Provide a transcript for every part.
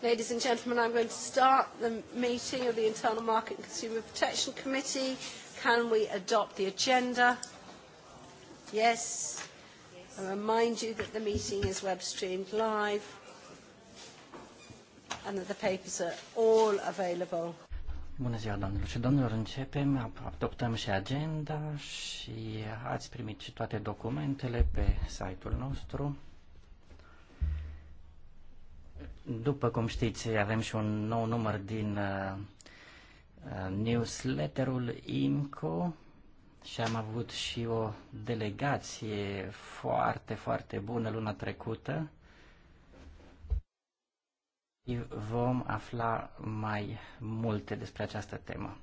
Ladies and gentlemen, I'm going to start the meeting of the Internal Market and Consumer Protection Committee. Can we adopt the agenda? Yes. yes. I remind you that the meeting is web streamed live and that the papers are all available. Bună ziua, doamnelor și domnilor. Începem, adoptăm și agenda și ați primit și toate documentele pe site-ul nostru. După cum știți, avem și un nou număr din uh, uh, newsletterul IMCO și am avut și o delegație foarte, foarte bună luna trecută. Vom afla mai multe despre această temă.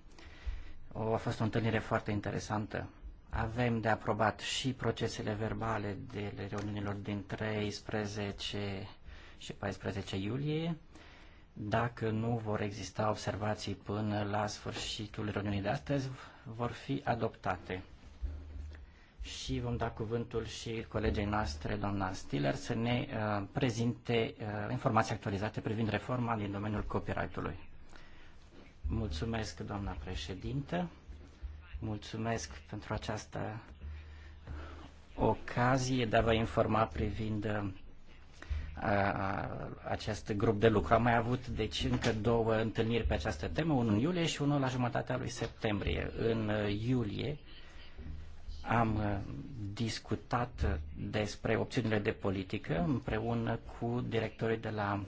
O, a fost o întâlnire foarte interesantă. Avem de aprobat și procesele verbale de reuniunilor din 13 și 14 iulie. Dacă nu vor exista observații până la sfârșitul reuniunii de astăzi, vor fi adoptate. Și vom da cuvântul și colegei noastre, doamna Stiller, să ne uh, prezinte uh, informații actualizate privind reforma din domeniul copyright-ului. Mulțumesc, doamna președintă. Mulțumesc pentru această ocazie de a vă informa privind uh, acest grup de lucru. Am mai avut deci încă două întâlniri pe această temă, unul în iulie și unul la jumătatea lui septembrie. În uh, iulie am uh, discutat despre opțiunile de politică împreună cu directorii de la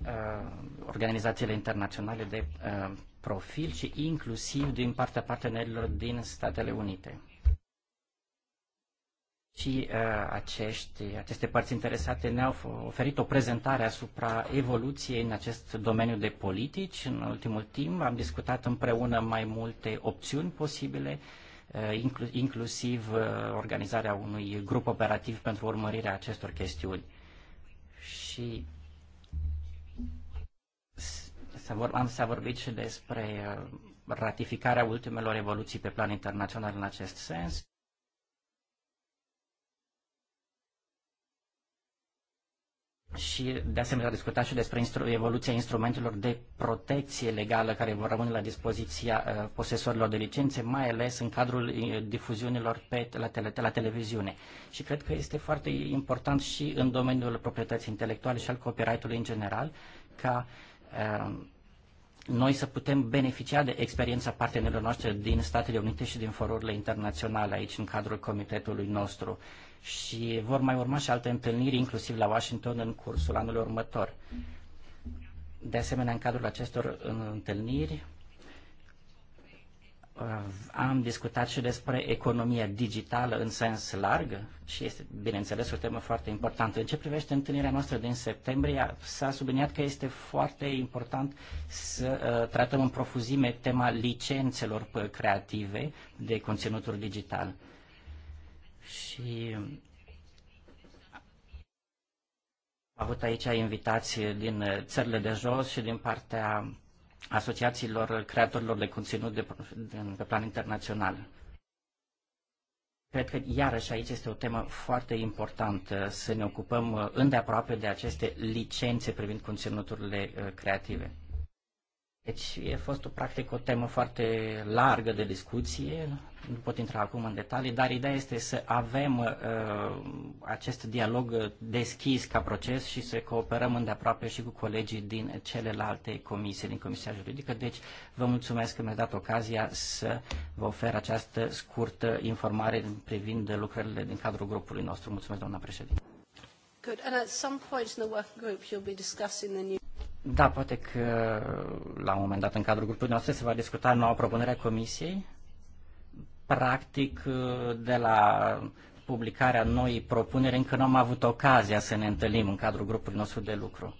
uh, organizațiile internaționale de uh, profil și inclusiv din partea partenerilor din Statele Unite și uh, acești, aceste părți interesate ne-au oferit o prezentare asupra evoluției în acest domeniu de politici. În ultimul timp am discutat împreună mai multe opțiuni posibile, uh, inclu- inclusiv uh, organizarea unui grup operativ pentru urmărirea acestor chestiuni. Și s-a, vor- am, s-a vorbit și despre uh, ratificarea ultimelor evoluții pe plan internațional în acest sens și de asemenea discuta și despre instru- evoluția instrumentelor de protecție legală care vor rămâne la dispoziția uh, posesorilor de licențe, mai ales în cadrul uh, difuziunilor pe, la, tele, la televiziune. Și cred că este foarte important și în domeniul proprietății intelectuale și al copyright-ului în general ca uh, noi să putem beneficia de experiența partenerilor noștri din Statele Unite și din forurile internaționale aici în cadrul comitetului nostru. Uh, și vor mai urma și alte întâlniri, inclusiv la Washington, în cursul anului următor. De asemenea, în cadrul acestor întâlniri, uh, am discutat și despre economia digitală în sens larg și este, bineînțeles, o temă foarte importantă. În ce privește întâlnirea noastră din septembrie, s-a subliniat că este foarte important să uh, tratăm în profuzime tema licențelor creative de conținuturi digital. Uh, și am avut aici invitații din țările de jos și din partea asociațiilor creatorilor de conținut de, de, pe plan internațional. Cred că iarăși aici este o temă foarte importantă să ne ocupăm îndeaproape de aceste licențe privind conținuturile uh, creative. Deci a fost practic o temă foarte largă de discuție, nu pot intra acum în detalii, dar ideea este să avem uh, acest dialog deschis ca proces și să cooperăm îndeaproape și cu colegii din celelalte comisii, din Comisia Juridică. Deci vă mulțumesc că mi-ați dat ocazia să vă ofer această scurtă informare privind lucrările din cadrul grupului nostru. Mulțumesc, doamna președinte. Good. And at some point in the working group, you'll be discussing the new da, poate că la un moment dat în cadrul grupului nostru se va discuta noua propunere a Comisiei. Practic, de la publicarea noii propuneri, încă nu am avut ocazia să ne întâlnim în cadrul grupului nostru de lucru.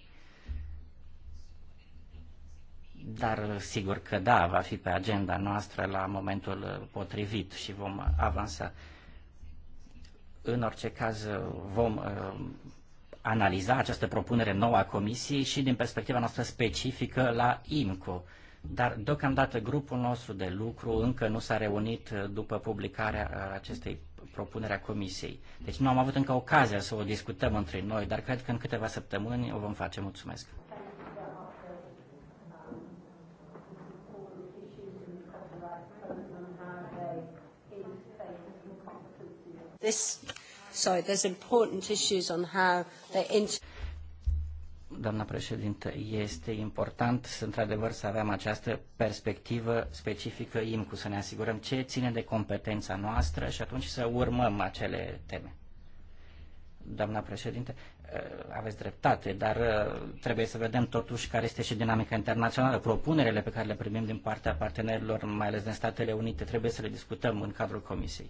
Dar sigur că da, va fi pe agenda noastră la momentul potrivit și vom avansa. În orice caz vom analiza această propunere nouă a Comisiei și din perspectiva noastră specifică la IMCO. Dar deocamdată grupul nostru de lucru încă nu s-a reunit uh, după publicarea uh, acestei propuneri a Comisiei. Deci nu am avut încă ocazia să o discutăm între noi, dar cred că în câteva săptămâni o vom face. Mulțumesc! This sorry, there's important issues on how they inter- Doamna președintă, este important să într-adevăr să avem această perspectivă specifică IMCU, să ne asigurăm ce ține de competența noastră și atunci să urmăm acele teme. Doamna președinte, eh, aveți dreptate, dar eh, trebuie să vedem totuși care este și dinamica internațională. Propunerele pe care le primim din partea partenerilor, mai ales din Statele Unite, trebuie să le discutăm în cadrul Comisiei.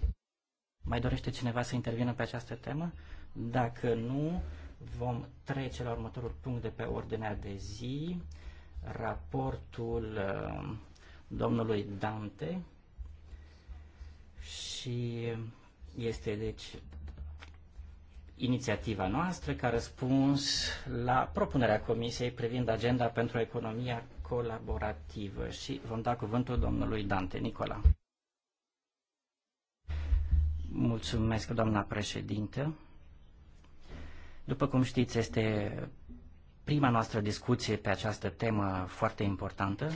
Mai dorește cineva să intervină pe această temă? Dacă nu, vom trece la următorul punct de pe ordinea de zi, raportul uh, domnului Dante și este deci inițiativa noastră ca răspuns la propunerea Comisiei privind agenda pentru economia colaborativă și vom da cuvântul domnului Dante Nicola. Mulțumesc, doamna președintă. După cum știți, este prima noastră discuție pe această temă foarte importantă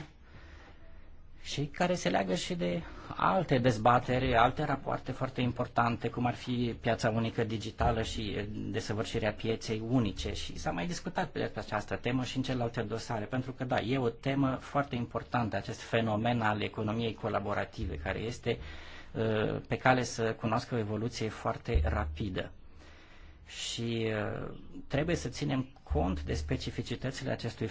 și care se leagă și de alte dezbateri, alte rapoarte foarte importante, cum ar fi piața unică digitală și desăvârșirea pieței unice. Și s-a mai discutat pe această temă și în celelalte dosare, pentru că, da, e o temă foarte importantă, acest fenomen al economiei colaborative, care este uh, Uh, pe cale să cunoască o evoluție foarte rapidă. Și uh, trebuie să ținem cont de specificitățile acestui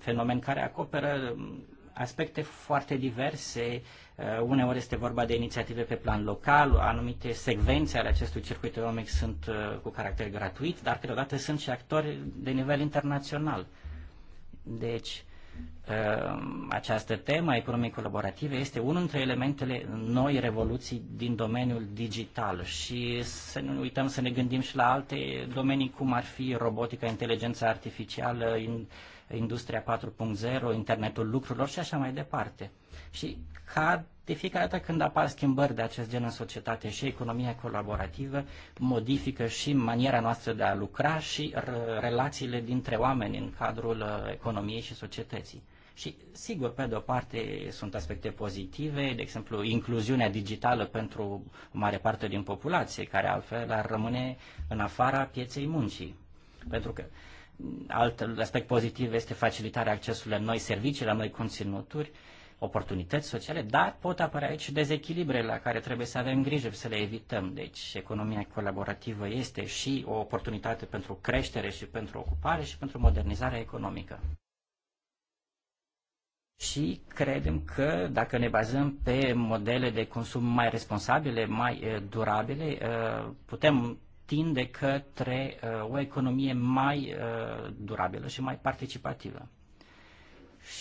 fenomen care acoperă um, aspecte foarte diverse. Uh, uneori este vorba de inițiative pe plan local, anumite secvențe ale acestui circuit economic sunt cu caracter gratuit, dar câteodată sunt și actori de nivel internațional. Deci, Ehm, această temă a economiei colaborative este unul dintre elementele noi revoluții din domeniul digital și să nu uităm să ne gândim și la alte domenii cum ar fi robotica, inteligența artificială, industria 4.0, internetul lucrurilor și așa mai departe. Și cad de fiecare dată când apar schimbări de acest gen în societate și economia colaborativă modifică și maniera noastră de a lucra și uh, relațiile dintre oameni în cadrul uh, economiei și societății. Și, sigur, pe de-o parte sunt aspecte pozitive, de exemplu, incluziunea digitală pentru o mare parte din populație, care altfel ar rămâne în afara pieței muncii. Pentru că mm, alt aspect pozitiv este facilitarea accesului la noi servicii, la noi conținuturi, oportunități sociale, dar pot apărea aici dezechilibre la care trebuie să avem grijă să le evităm. Deci economia colaborativă este și o oportunitate pentru creștere și pentru ocupare și pentru modernizarea economică. Și credem că dacă ne bazăm pe modele de consum mai responsabile, mai eh, durabile, eh, putem tinde către eh, o economie mai durabilă și mai participativă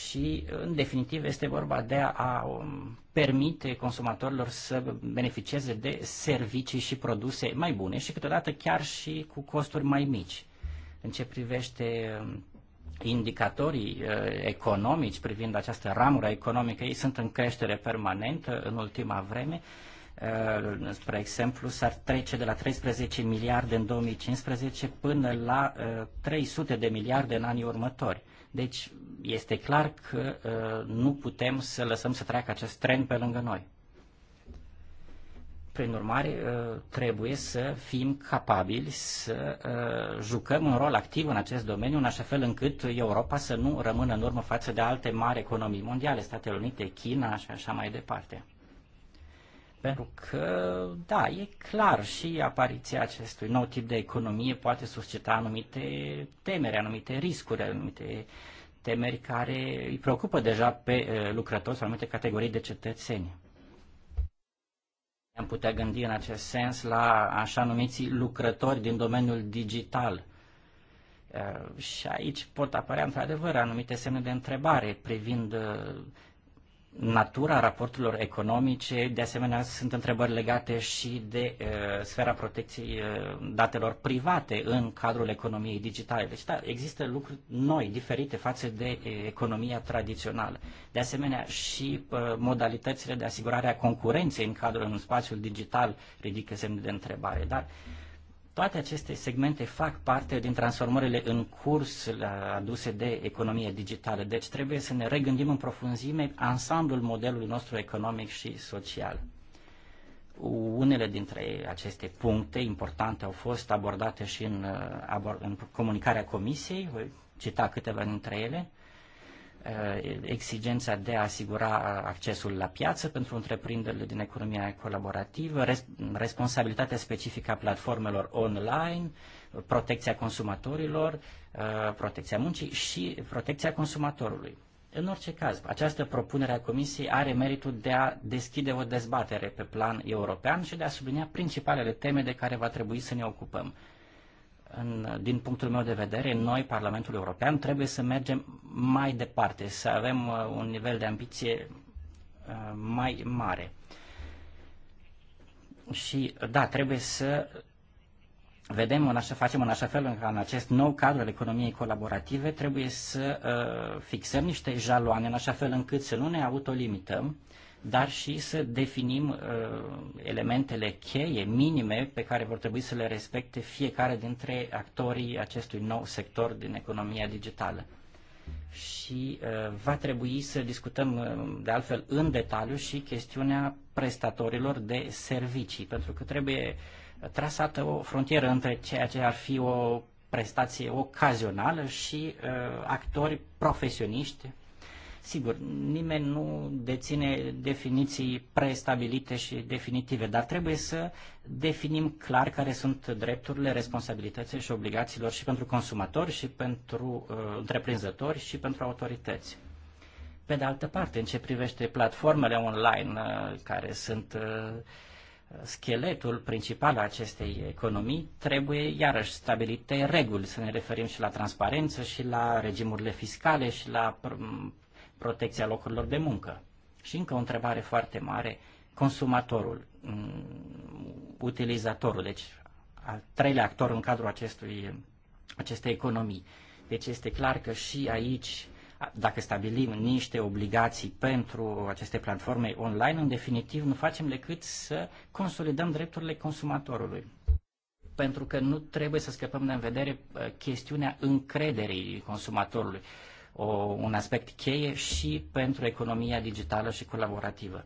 și, în definitiv, este vorba de a um, permite consumatorilor să beneficieze de servicii și produse mai bune și, câteodată, chiar și cu costuri mai mici. În ce privește um, indicatorii uh, economici privind această ramură economică, ei sunt în creștere permanentă în ultima vreme. Uh, spre exemplu, s-ar trece de la 13 miliarde în 2015 până la 300 uh, de miliarde în anii următori. Deci este clar că uh, nu putem să lăsăm să treacă acest tren pe lângă noi. Prin urmare, uh, trebuie să fim capabili să uh, jucăm un rol activ în acest domeniu, în așa fel încât Europa să nu rămână în urmă față de alte mari economii mondiale, Statele Unite, China și așa mai departe. Pentru că, da, e clar și apariția acestui nou tip de economie poate susceta anumite temeri, anumite riscuri, anumite temeri care îi preocupă deja pe lucrători sau anumite categorii de cetățeni. Am putea gândi în acest sens la așa numiți lucrători din domeniul digital. Și aici pot apărea într-adevăr anumite semne de întrebare privind natura raporturilor economice, de asemenea sunt întrebări legate și de uh, sfera protecției uh, datelor private în cadrul economiei digitale. Deci da, există lucruri noi, diferite față de uh, economia tradițională. De asemenea și uh, modalitățile de asigurare a concurenței în cadrul în spațiul digital ridică semne de întrebare. Dar uh, toate aceste segmente fac parte din transformările în curs aduse de economie digitală, deci trebuie să ne regândim în profunzime ansamblul modelului nostru economic și social. Unele dintre aceste puncte importante au fost abordate și în, uh, în comunicarea Comisiei, voi cita câteva dintre ele. Uh, exigența de a asigura accesul la piață pentru întreprinderile din economia colaborativă, responsabilitatea specifică a platformelor online, protecția consumatorilor, uh, protecția muncii și protecția consumatorului. În orice caz, această propunere a Comisiei are meritul de a deschide o dezbatere pe plan european și de a sublinia principalele teme de care va trebui să ne ocupăm în, din punctul meu de vedere, noi, Parlamentul European, trebuie să mergem mai departe, să avem uh, un nivel de ambiție uh, mai mare. Și, da, trebuie să vedem în așa, facem în așa fel în, în acest nou cadru al economiei colaborative, trebuie să uh, fixăm niște jaloane în așa fel încât să nu ne autolimităm dar și să definim uh, elementele cheie, minime, pe care vor trebui să le respecte fiecare dintre actorii acestui nou sector din economia digitală. Și uh, va trebui să discutăm, uh, de altfel, în detaliu și chestiunea prestatorilor de servicii, pentru că trebuie trasată o frontieră între ceea ce ar fi o prestație ocazională și uh, actori profesioniști Sigur, nimeni nu deține definiții prestabilite și definitive, dar trebuie să definim clar care sunt drepturile, responsabilitățile și obligațiilor și pentru consumatori, și pentru uh, întreprinzători, și pentru autorități. Pe de altă parte, în ce privește platformele online, uh, care sunt uh, scheletul principal al acestei economii, trebuie iarăși stabilite reguli, să ne referim și la transparență, și la regimurile fiscale, și la mm, protecția locurilor de muncă. Și încă o întrebare foarte mare, consumatorul, mm, utilizatorul, deci al treilea actor în cadrul acestui, acestei economii. Deci este clar că și aici, dacă stabilim niște obligații pentru aceste platforme online, în definitiv nu facem decât să consolidăm drepturile consumatorului. Pentru că nu trebuie să scăpăm de în vedere uh, chestiunea încrederii consumatorului o, un aspect cheie și pentru economia digitală și colaborativă.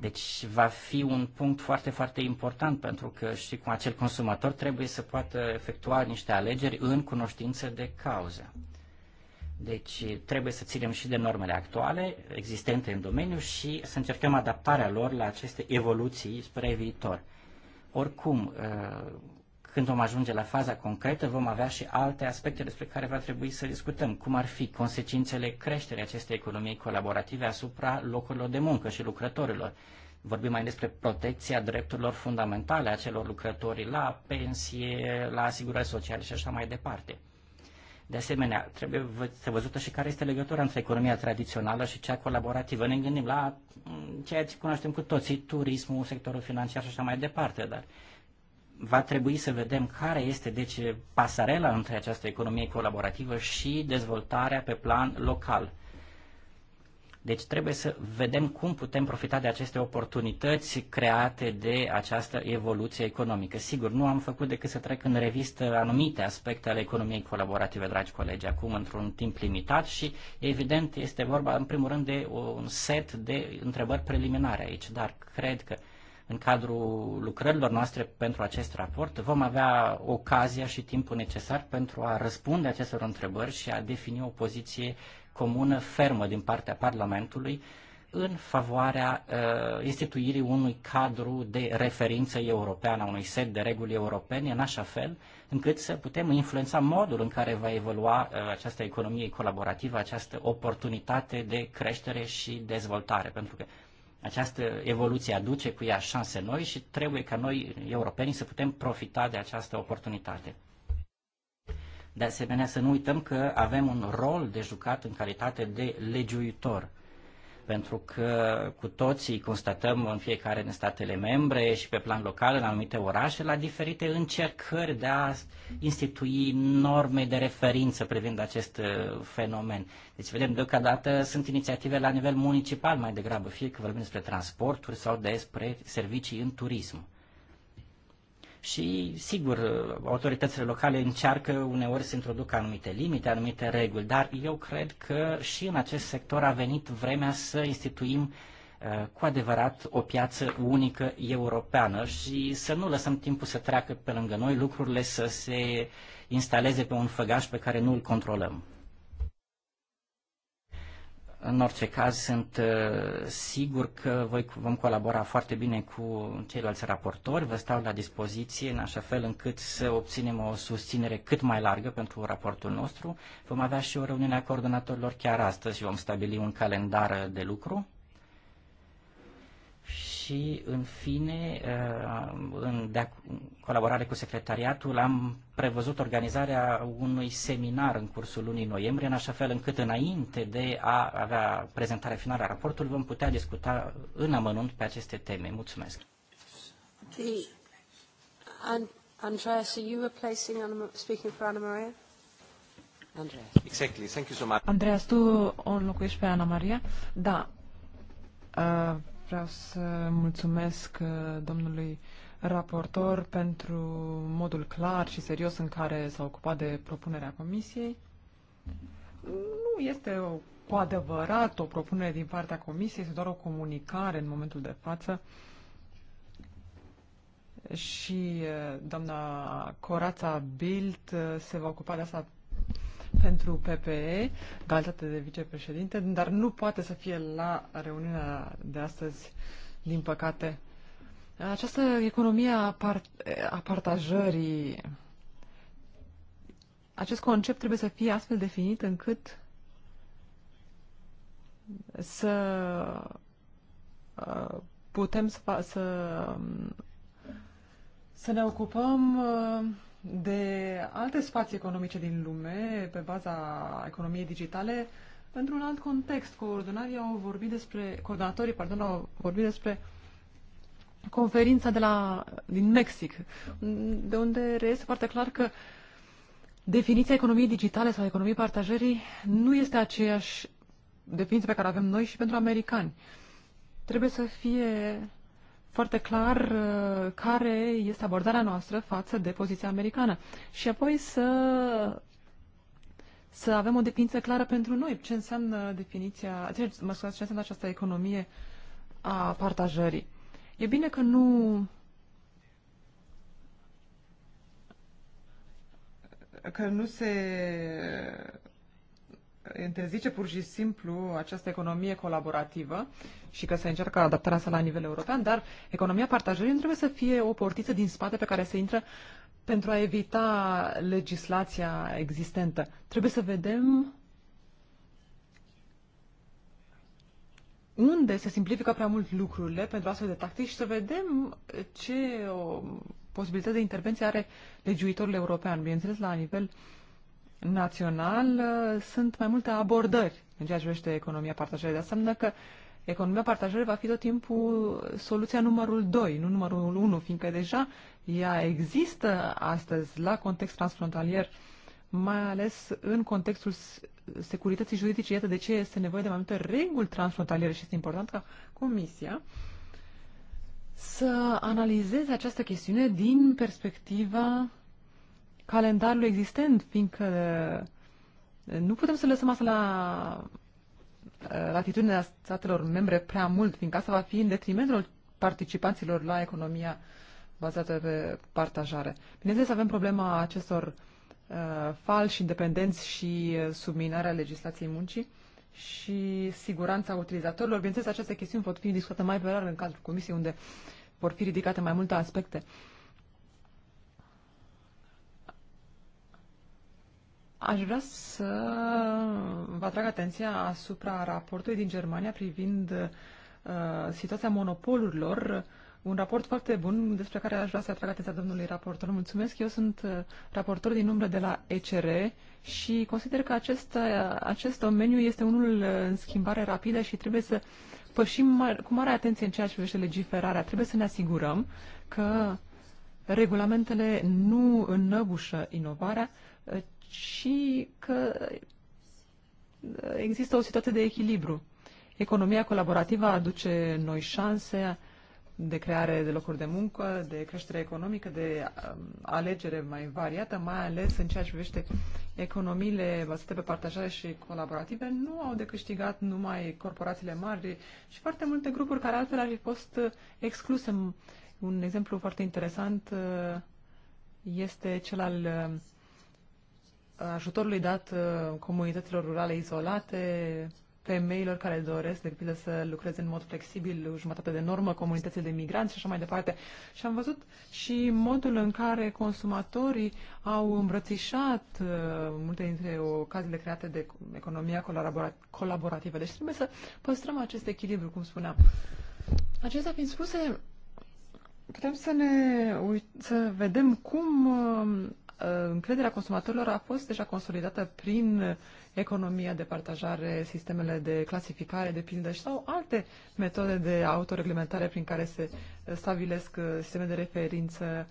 Deci va fi un punct foarte, foarte important pentru că și cu acel consumator trebuie să poată efectua niște alegeri în cunoștință de cauză. Deci trebuie să ținem și de normele actuale existente în domeniu și să încercăm adaptarea lor la aceste evoluții spre viitor. Oricum, ă, când vom ajunge la faza concretă, vom avea și alte aspecte despre care va trebui să discutăm, cum ar fi consecințele creșterii acestei economii colaborative asupra locurilor de muncă și lucrătorilor. Vorbim mai despre protecția drepturilor fundamentale a celor lucrători la pensie, la asigurări sociale și așa mai departe. De asemenea, trebuie să văzută și care este legătura între economia tradițională și cea colaborativă. Ne gândim la mm, ceea ce cunoaștem cu toții, turismul, sectorul financiar și așa mai departe, dar va trebui să vedem care este deci pasarela între această economie colaborativă și dezvoltarea pe plan local. Deci trebuie să vedem cum putem profita de aceste oportunități create de această evoluție economică. Sigur, nu am făcut decât să trec în revistă anumite aspecte ale economiei colaborative, dragi colegi, acum într-un timp limitat și evident este vorba în primul rând de un set de întrebări preliminare aici, dar cred că uh, în cadrul lucrărilor noastre pentru acest raport vom avea ocazia și timpul necesar pentru a răspunde acestor întrebări și a defini o poziție comună fermă din partea Parlamentului în favoarea uh, instituirii unui cadru de referință europeană, unui set de reguli europene, în așa fel încât să putem influența modul în care va evolua uh, această economie colaborativă, această oportunitate de creștere și dezvoltare. Pentru că această evoluție aduce cu ea șanse noi și trebuie ca noi, europenii, să putem profita de această oportunitate. De asemenea, să nu uităm că avem un rol de jucat în calitate de legiuitor pentru că cu toții constatăm în fiecare din statele membre și pe plan local, în anumite orașe, la diferite încercări de a institui norme de referință privind acest uh, fenomen. Deci vedem deocamdată sunt inițiative la nivel municipal mai degrabă, fie că vorbim despre transporturi sau despre servicii în turism și, sigur, autoritățile locale încearcă uneori să introducă anumite limite, anumite reguli, dar eu cred că și în acest sector a venit vremea să instituim uh, cu adevărat o piață unică europeană și să nu lăsăm timpul să treacă pe lângă noi, lucrurile să se instaleze pe un făgaș pe care nu îl controlăm. În orice caz, sunt uh, sigur că voi vom colabora foarte bine cu ceilalți raportori. Vă stau la dispoziție în așa fel încât să obținem o susținere cât mai largă pentru raportul nostru. Vom avea și o reuniune a coordonatorilor chiar astăzi și vom stabili un calendar de lucru și, în fine, uh, în de colaborare cu secretariatul, am prevăzut organizarea unui seminar în cursul lunii noiembrie, în așa fel încât, înainte de a avea prezentarea finală a raportului, vom putea discuta în amănunt pe aceste teme. Mulțumesc! The... And, Andreas, are you replacing Anna, speaking for Anna Maria? Andreas. Exactly. Thank you so much. Andreas, tu o înlocuiești pe Ana Maria? Da. Uh, Vreau să mulțumesc uh, domnului raportor pentru modul clar și serios în care s-a ocupat de propunerea comisiei. Nu este o, cu adevărat o propunere din partea comisiei, este doar o comunicare în momentul de față. Și uh, doamna Corața Bilt uh, se va ocupa de asta pentru PPE, calitate de vicepreședinte, dar nu poate să fie la reuniunea de astăzi, din păcate. Această economie a, part- a partajării, acest concept trebuie să fie astfel definit încât să uh, putem să, să, să ne ocupăm uh, de alte spații economice din lume, pe baza economiei digitale, într-un alt context. Coordonatorii au vorbit despre, coordonatorii, pardon, au vorbit despre conferința de la, din Mexic, de unde reiese foarte clar că definiția economiei digitale sau economiei partajării nu este aceeași definiție pe care avem noi și pentru americani. Trebuie să fie foarte clar uh, care este abordarea noastră față de poziția americană. Și apoi să să avem o definiție clară pentru noi. Ce înseamnă definiția, ce, mă scuzați, ce înseamnă această economie a partajării? E bine că nu că nu se interzice pur și simplu această economie colaborativă și că se încearcă adaptarea sa la nivel european, dar economia partajării nu trebuie să fie o portiță din spate pe care se intră pentru a evita legislația existentă. Trebuie să vedem unde se simplifică prea mult lucrurile pentru astfel de tactici și să vedem ce o posibilitate de intervenție are legiuitorul european, bineînțeles la nivel uh, național uh, sunt mai multe abordări în ceea ce privește economia partajării. De asemenea că economia partajării va fi tot timpul soluția numărul 2, nu numărul 1, fiindcă deja ea există astăzi la context transfrontalier, mai ales în contextul securității juridice. Iată de ce este nevoie de mai multe reguli transfrontaliere și este important ca Comisia să analizeze această chestiune din perspectiva calendarul existent, fiindcă nu putem să lăsăm asta la latitudinea statelor membre prea mult, fiindcă asta va fi în detrimentul participanților la economia bazată pe partajare. Bineînțeles, avem problema acestor uh, falși independenți și subminarea legislației muncii și siguranța utilizatorilor. Bineînțeles, aceste chestiuni pot fi discutate mai pe rar în cadrul comisiei, unde vor fi ridicate mai multe aspecte. Uh, Aș vrea să vă atrag atenția asupra raportului din Germania privind uh, situația monopolurilor. Un raport foarte bun despre care aș vrea să atrag atenția domnului raportor. Mulțumesc, eu sunt uh, raportor din umbră de la ECR și consider că acest, uh, acest domeniu este unul uh, în schimbare rapidă și trebuie să pășim cu mare atenție în ceea ce privește legiferarea. Trebuie să ne asigurăm că regulamentele nu înăbușă inovarea, și că există o situație de echilibru. Economia colaborativă aduce noi șanse de creare de locuri de muncă, de creștere economică, de um, alegere mai variată, mai ales în ceea ce privește economiile bazate pe partajare și colaborative, nu au de câștigat numai corporațiile mari și foarte multe grupuri care altfel ar fi fost excluse. Un exemplu foarte interesant uh, este cel al um, ajutorului dat uh, comunităților rurale izolate, femeilor care doresc, de pildă, să lucreze în mod flexibil, jumătate de normă, comunitățile de migranți și așa mai departe. Și am văzut și modul în care consumatorii au îmbrățișat uh, multe dintre ocaziile create de economia colaborativă. Deci trebuie să păstrăm acest echilibru, cum spuneam. Acestea fiind spuse, putem să ne uit- să vedem cum uh, Uh, încrederea consumatorilor a fost deja consolidată prin economia de partajare, sistemele de clasificare, de pildă, sau alte metode de autoreglementare prin care se stabilesc uh, sisteme de referință,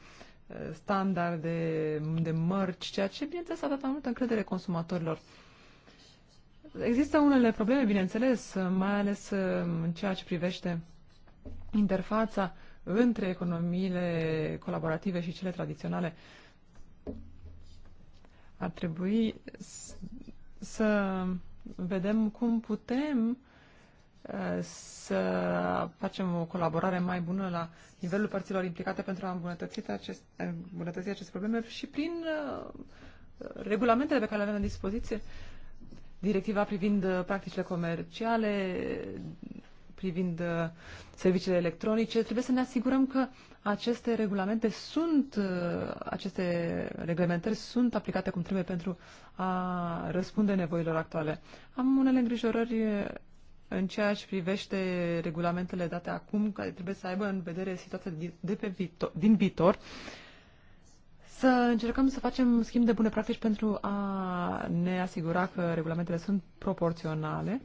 uh, standarde de mărci, ceea ce, bineînțeles, a dat mai multă încredere consumatorilor. Există unele probleme, bineînțeles, mai ales în ceea ce privește interfața între economiile colaborative și cele tradiționale. Uh, ar trebui să vedem cum putem uh, să facem o colaborare mai bună la nivelul părților implicate pentru a îmbunătăți, aceste îmbunătăți aceste probleme și prin uh, regulamentele pe care le avem la dispoziție, directiva privind uh, practicile comerciale, privind uh, serviciile electronice, trebuie să ne asigurăm că aceste regulamente sunt, uh, aceste reglementări sunt aplicate cum trebuie pentru a răspunde nevoilor actuale. Am unele îngrijorări uh, în ceea ce privește regulamentele date acum, care trebuie să aibă în vedere situația de pe viitor, din viitor, să încercăm să facem schimb de bune practici pentru a ne asigura că regulamentele sunt proporționale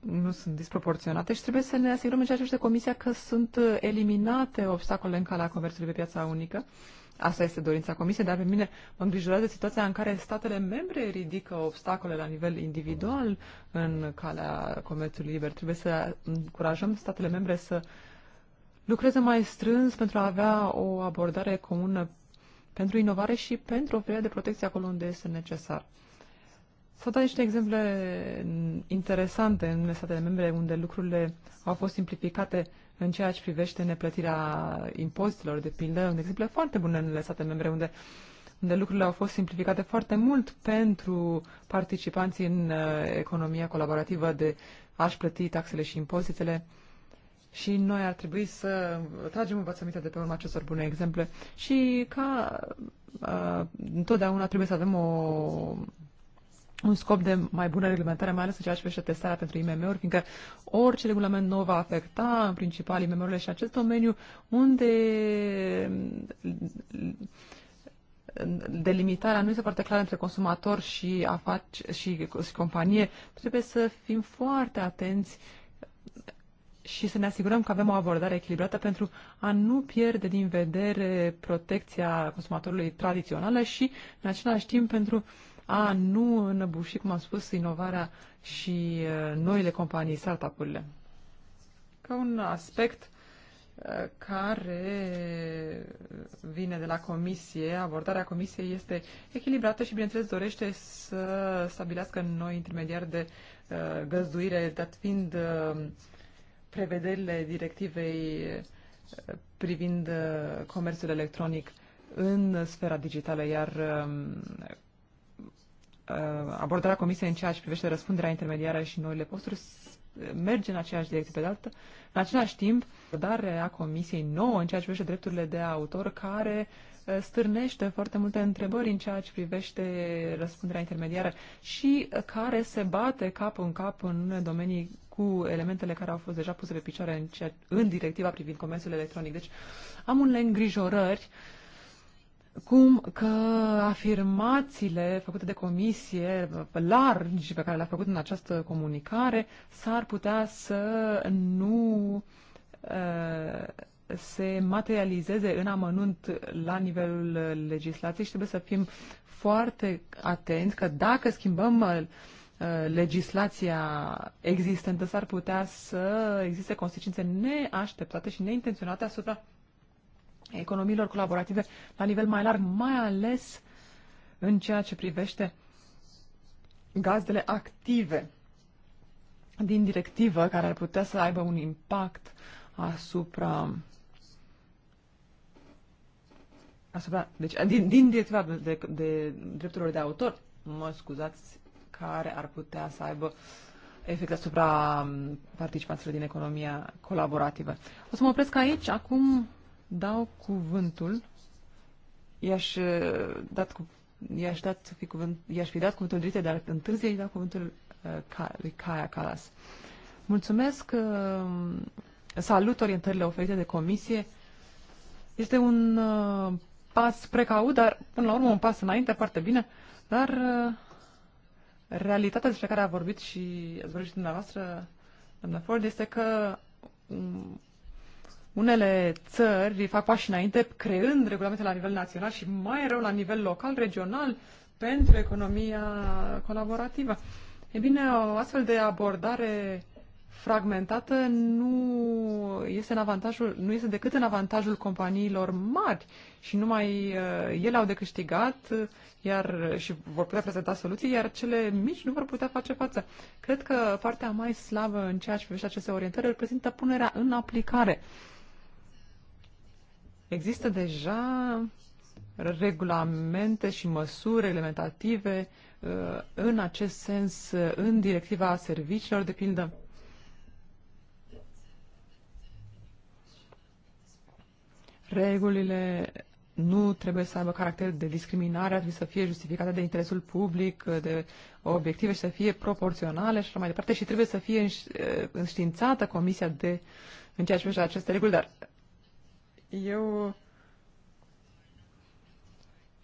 nu sunt disproporționate și trebuie să ne asigurăm în ceea ce privește Comisia că sunt uh, eliminate obstacolele în calea comerțului pe piața unică. Asta este dorința Comisiei, dar pe mine mă îngrijorează situația în care statele membre ridică obstacole la nivel individual în calea comerțului liber. Trebuie să încurajăm statele membre să lucreze mai strâns pentru a avea o abordare comună pentru inovare și pentru oferirea de protecție acolo unde este necesar. S-au dat niște exemple interesante în statele membre unde lucrurile au fost simplificate în ceea ce privește neplătirea impozitelor, de pildă, un exemplu foarte bun în state membre unde, unde lucrurile au fost simplificate foarte mult pentru participanții în uh, economia colaborativă de a-și plăti taxele și impozitele. Și noi ar trebui să tragem învățăminte de pe urma acestor bune exemple și ca uh, întotdeauna trebuie să avem o un scop de mai bună reglementare, mai ales în ceea ce privește testarea pentru IMM-uri, fiindcă orice regulament nou va afecta, în principal, IMM-urile și acest domeniu unde delimitarea nu este foarte clară între consumator și, afac- și, și companie, trebuie să fim foarte atenți și să ne asigurăm că avem o abordare echilibrată pentru a nu pierde din vedere protecția consumatorului tradițională și, în același timp, pentru uh, a nu înăbuși, cum am spus, inovarea și uh, noile companii, startup-urile. Ca un aspect uh, care vine de la comisie, abordarea comisiei este echilibrată și, bineînțeles, dorește să stabilească noi intermediari de uh, găzduire, dat fiind prevederile directivei privind comerțul electronic în sfera digitală, iar um, Uh, abordarea Comisiei în ceea ce privește răspunderea intermediară și noile posturi merge în aceeași direcție. Pe de altă, în același timp, abordarea Comisiei nouă în ceea ce privește drepturile de autor, care uh, stârnește foarte multe întrebări în ceea ce privește răspunderea intermediară și uh, care se bate cap în cap în domenii cu elementele care au fost deja puse pe picioare în, ceea, în directiva privind comerțul electronic. Deci am unele îngrijorări uh, cum că afirmațiile făcute de comisie largi pe care le-a făcut în această comunicare s-ar putea să nu uh, se materializeze în amănunt la nivelul legislației și trebuie să fim foarte atenți că dacă schimbăm uh, legislația existentă s-ar putea să existe consecințe neașteptate și neintenționate asupra economiilor colaborative la nivel mai larg, mai ales în ceea ce privește gazdele active din directivă care ar putea să aibă un impact asupra asupra, deci din, din directiva de, de, de drepturile de autor, mă scuzați, care ar putea să aibă efect asupra participanților din economia colaborativă. O să mă opresc aici. Acum dau cuvântul, i-aș uh, dat cu i-aș, dat fi cuvânt, i-aș fi dat cuvântul drite, dar i-aș dau cuvântul uh, ca, lui Caia Calas. Mulțumesc, uh, salut orientările oferite de comisie. Este un uh, pas precaut, dar până la urmă un pas înainte, foarte bine, dar uh, realitatea despre care a vorbit și ați vorbit și dumneavoastră, doamna Ford, este că um, unele țări fac pași înainte creând regulamente la nivel național și mai rău la nivel local, regional, pentru economia colaborativă. E bine, o astfel de abordare fragmentată nu este, în avantajul, nu este decât în avantajul companiilor mari și numai uh, ele au de câștigat uh, iar, și vor putea prezenta soluții, iar cele mici nu vor putea face față. Cred că partea mai slabă în ceea ce privește aceste orientări reprezintă punerea în aplicare. Uh, Există deja regulamente și măsuri elementative uh, în acest sens uh, în directiva serviciilor, de pildă. Regulile nu trebuie să aibă caracter de discriminare, ar trebui să fie justificate de interesul public, uh, de obiective și să fie proporționale și așa mai departe și trebuie să fie înștiințată comisia de în ceea ce privește aceste reguli, dar eu...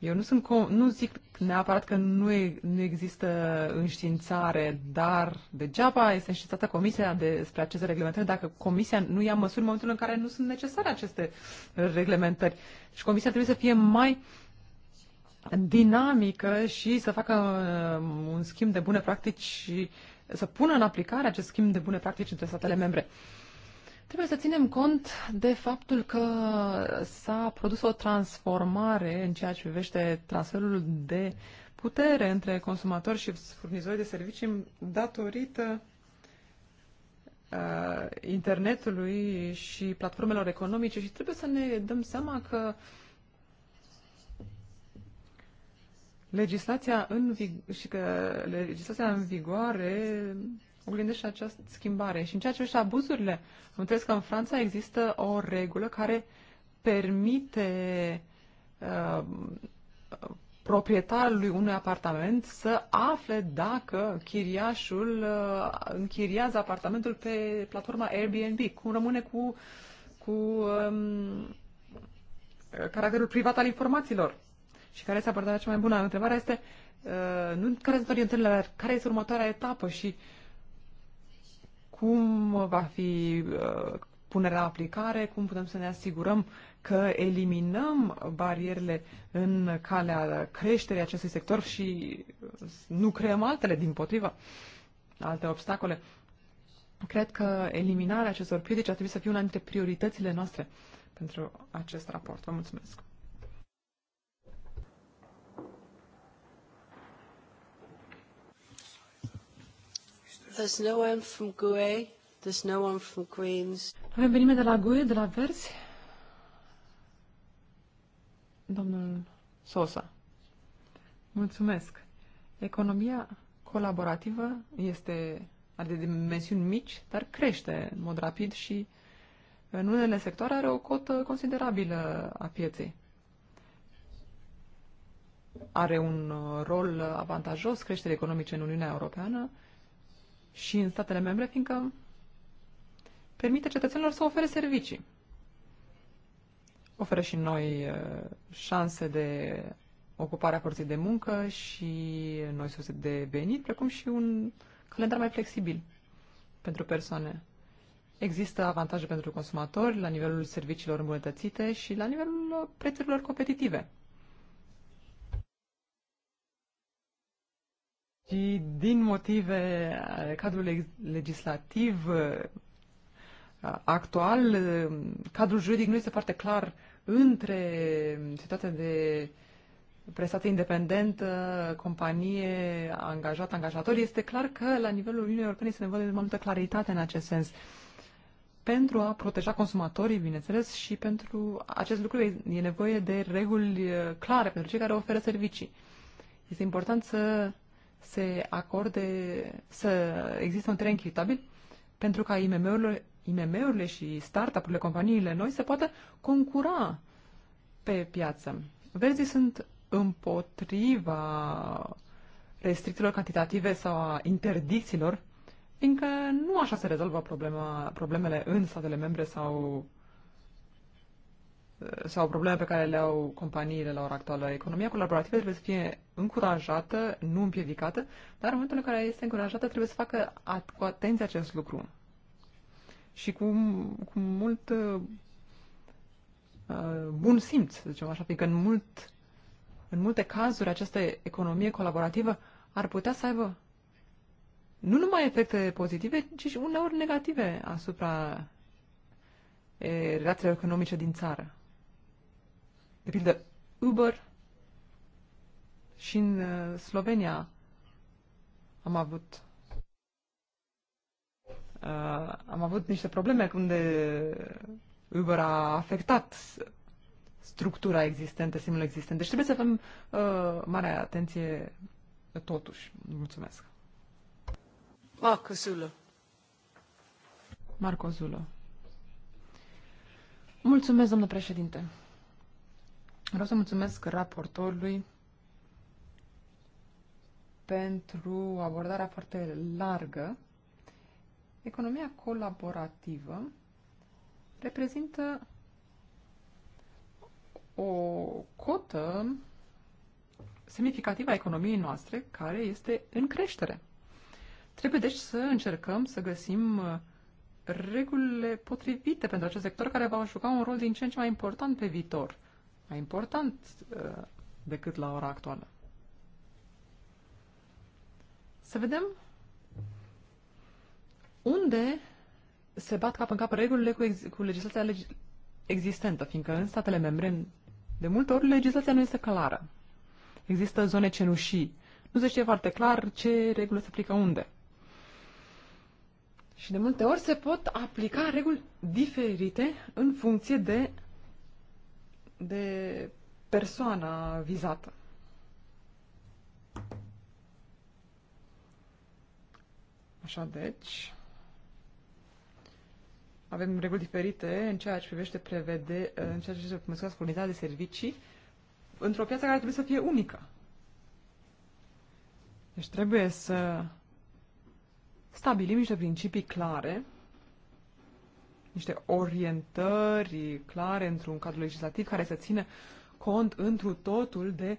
Eu nu sunt nu zic neapărat că nu, e, nu există înștiințare, dar degeaba este înștiințată comisia despre aceste reglementări dacă comisia nu ia măsuri în momentul în care nu sunt necesare aceste reglementări. și deci comisia trebuie să fie mai dinamică și să facă uh, un schimb de bune practici și să pună în aplicare acest schimb de bune practici între statele membre. Uh, Trebuie să ținem cont de faptul că s-a produs o transformare în ceea ce privește transferul de putere între consumatori și furnizori de servicii datorită uh, internetului și platformelor economice și trebuie să ne dăm seama că legislația în vig- și că legislația în vigoare oglindă și această schimbare. Și în ceea ce privește abuzurile, am înțeles că în Franța există o regulă care permite uh, proprietarului unui apartament să afle dacă chiriașul uh, închiriază apartamentul pe platforma Airbnb, cum rămâne cu, cu um, caracterul privat al informațiilor și care este abordarea cea mai bună. Întrebarea este uh, nu care sunt orientările, care este următoarea etapă și uh, cum va fi uh, punerea în aplicare, cum putem să ne asigurăm că eliminăm barierele în calea creșterii acestui sector și uh, nu creăm altele, din potriva, alte obstacole. Cred că eliminarea acestor piedici ar trebui să fie una dintre prioritățile noastre pentru acest raport. Vă mulțumesc! there's no one from GUE. There's no one from Avem nimeni de la GUE, de la Verzi? Domnul Sosa. Mulțumesc. Economia colaborativă este, are de dimensiuni mici, dar crește în mod rapid și în unele sectoare are o cotă considerabilă a pieței. Are un rol avantajos creșterii economice în Uniunea Europeană, și în statele membre, fiindcă permite cetățenilor să ofere servicii. Oferă și noi uh, șanse de ocupare a forței de muncă și noi surse de venit, precum și un calendar mai flexibil pentru persoane. Există avantaje pentru consumatori la nivelul serviciilor îmbunătățite și la nivelul uh, prețurilor competitive. și din motive uh, cadrul legislativ uh, actual, uh, cadrul juridic nu este foarte clar între situația de prestație independentă, companie, angajat, angajator. Este clar că la nivelul Uniunii Europene este nevoie de mai multă claritate în acest sens pentru a proteja consumatorii, bineînțeles, și pentru acest lucru e nevoie de reguli clare pentru cei care oferă servicii. Este important să se acorde, să există un teren echitabil pentru ca IMM-urile, IMM-urile și startup-urile, companiile noi să poată concura pe piață. Verzii sunt împotriva restricțiilor cantitative sau a interdicțiilor, fiindcă nu așa se rezolvă problema, problemele în statele membre sau sau probleme pe care le au companiile la ora actuală. Economia colaborativă trebuie să fie încurajată, nu împiedicată, dar în momentul în care este încurajată trebuie să facă at- cu atenție acest lucru. Și cu, cu mult uh, bun simț, să zicem așa, fiindcă în, mult, în multe cazuri această economie colaborativă ar putea să aibă nu numai efecte pozitive, ci și uneori negative asupra eh, relațiilor economice din țară de pildă Uber și în uh, Slovenia am avut uh, am avut niște probleme când Uber a afectat structura existentă, simul existent. Deci trebuie să avem uh, mare atenție totuși. Mulțumesc. Marco Zulo. Marco Zulo. Mulțumesc, domnule președinte. Vreau să mulțumesc raportorului pentru abordarea foarte largă. Economia colaborativă reprezintă o cotă semnificativă a economiei noastre care este în creștere. Trebuie deci să încercăm să găsim uh, regulile potrivite pentru acest sector care va juca un rol din ce în ce mai important pe viitor mai important uh, decât la ora actuală. Să vedem unde se bat cap în cap regulile cu, ex- cu legislația leg- existentă, fiindcă în statele membre, de multe ori, legislația nu este clară. Există zone cenușii. Nu se știe foarte clar ce regulă se aplică unde. Și de multe ori se pot aplica reguli diferite în funcție de de persoana vizată. Așa deci, avem reguli diferite în ceea ce privește prevede, în ceea ce privește furnizarea de servicii într-o piață care trebuie să fie unică. Deci trebuie să stabilim niște principii clare niște orientări clare într-un cadru legislativ care să țină cont întru totul de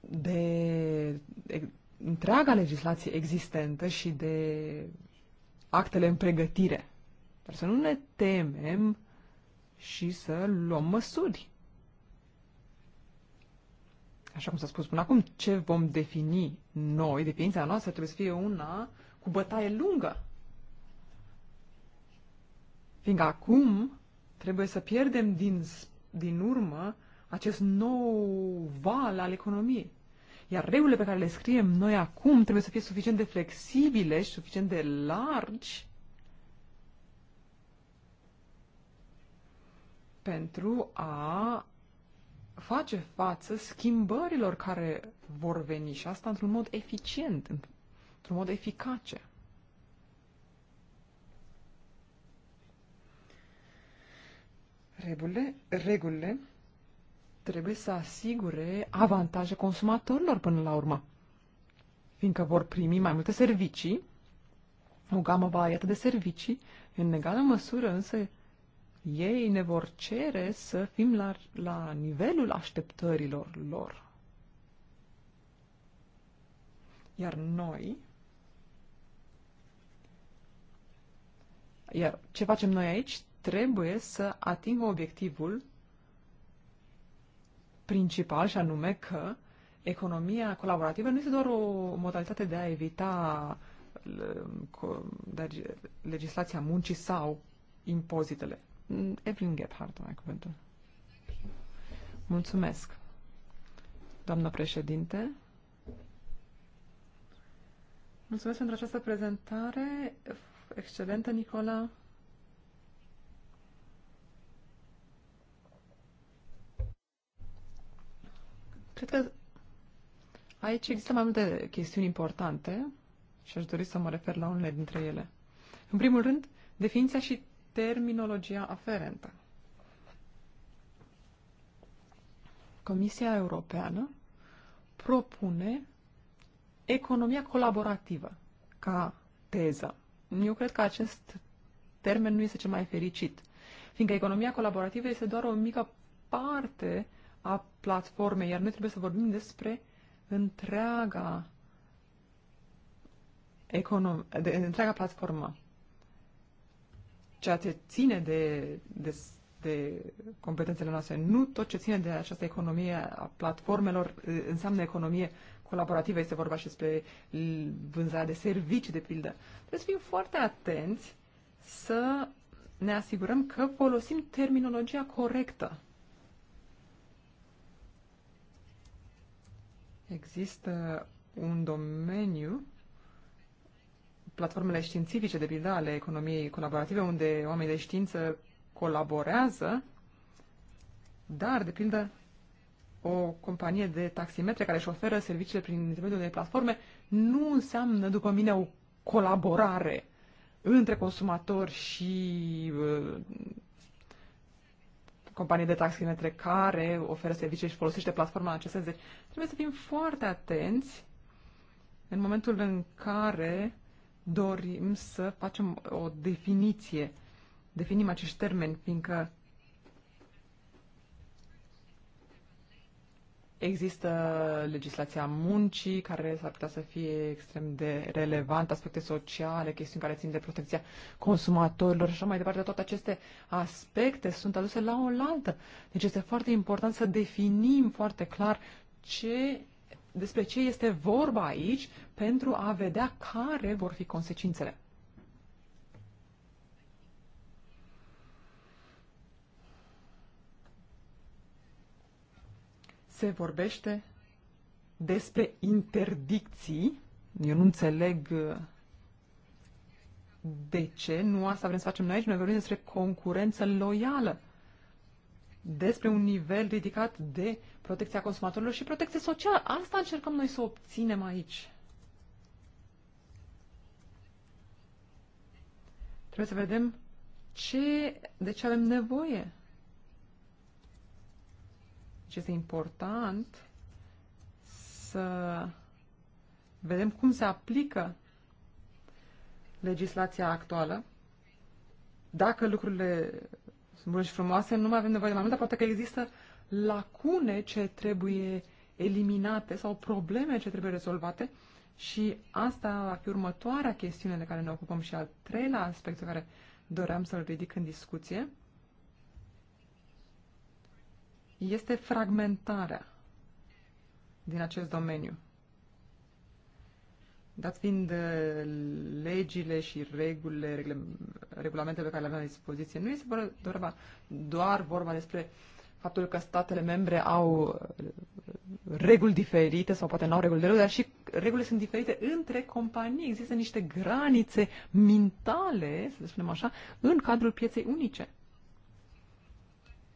de întreaga legislație existentă și de actele în pregătire. Dar să nu ne temem și să luăm măsuri. Așa cum s-a spus până acum, ce vom defini noi, definiția noastră trebuie să fie una cu bătaie lungă. Fiindcă acum trebuie să pierdem din, din urmă acest nou val al economiei. Iar regulile pe care le scriem noi acum trebuie să fie suficient de flexibile și suficient de largi pentru a face față schimbărilor care vor veni și asta într-un mod eficient, într-un mod eficace. Regulile, regulile trebuie să asigure avantaje consumatorilor până la urmă, fiindcă vor primi mai multe servicii, o gamă variată de servicii, în egală măsură însă ei ne vor cere să fim la, la nivelul așteptărilor lor. Iar noi, iar ce facem noi aici? trebuie să atingă obiectivul principal și anume că economia colaborativă nu este doar o modalitate de a evita um, legislația muncii sau impozitele. Evelyn Gephardt, mai cuvântul. Mulțumesc, Doamna președinte. Mulțumesc pentru această prezentare excelentă, Nicola. Cred că aici există mai multe chestiuni importante și aș dori să mă refer la unele dintre ele. În primul rând, definiția și terminologia aferentă. Comisia Europeană propune economia colaborativă ca teză. Eu cred că acest termen nu este cel mai fericit, fiindcă economia colaborativă este doar o mică parte a platformei, iar noi trebuie să vorbim despre întreaga econom, de, întreaga platformă. Ceea ce ține de, de, de competențele noastre, nu tot ce ține de această economie a platformelor înseamnă economie colaborativă, este vorba și despre vânzarea de servicii, de pildă. Trebuie să fim foarte atenți să ne asigurăm că folosim terminologia corectă Există un domeniu, platformele științifice, de pildă, ale economiei colaborative, unde oamenii de știință colaborează, dar, de pildă, o companie de taximetre care își oferă serviciile prin intermediul de platforme nu înseamnă, după mine, o colaborare între consumator și uh, companie de taxi între care oferă servicii și folosește platforma în acest sens. Deci trebuie să fim foarte atenți în momentul în care dorim să facem o definiție, definim acești termeni, fiindcă Există legislația muncii care s-ar putea să fie extrem de relevant, aspecte sociale, chestiuni care țin de protecția consumatorilor și așa mai departe. Toate aceste aspecte sunt aduse la oaltă. Deci este foarte important să definim foarte clar ce, despre ce este vorba aici pentru a vedea care vor fi consecințele. se vorbește despre interdicții. Eu nu înțeleg uh, de ce, nu asta vrem să facem noi aici, noi vorbim despre concurență loială, despre un nivel ridicat de protecția consumatorilor și protecție socială. Asta încercăm noi să obținem aici. Trebuie să vedem ce, de ce avem nevoie deci este important să vedem cum se aplică legislația actuală. Dacă lucrurile sunt bune și frumoase, nu mai avem nevoie de mai mult, dar poate că există lacune ce trebuie eliminate sau probleme ce trebuie rezolvate și asta va fi următoarea chestiune de care ne ocupăm și al treilea aspect pe care doream să-l ridic în discuție este fragmentarea din acest domeniu. Dat fiind uh, legile și regulile, regulamentele pe care le avem la dispoziție, nu este vorba, doar vorba despre faptul că statele membre au uh, reguli diferite sau poate nu au reguli deloc, dar și regulile sunt diferite între companii. Există niște granițe mentale, să spunem așa, în cadrul pieței unice.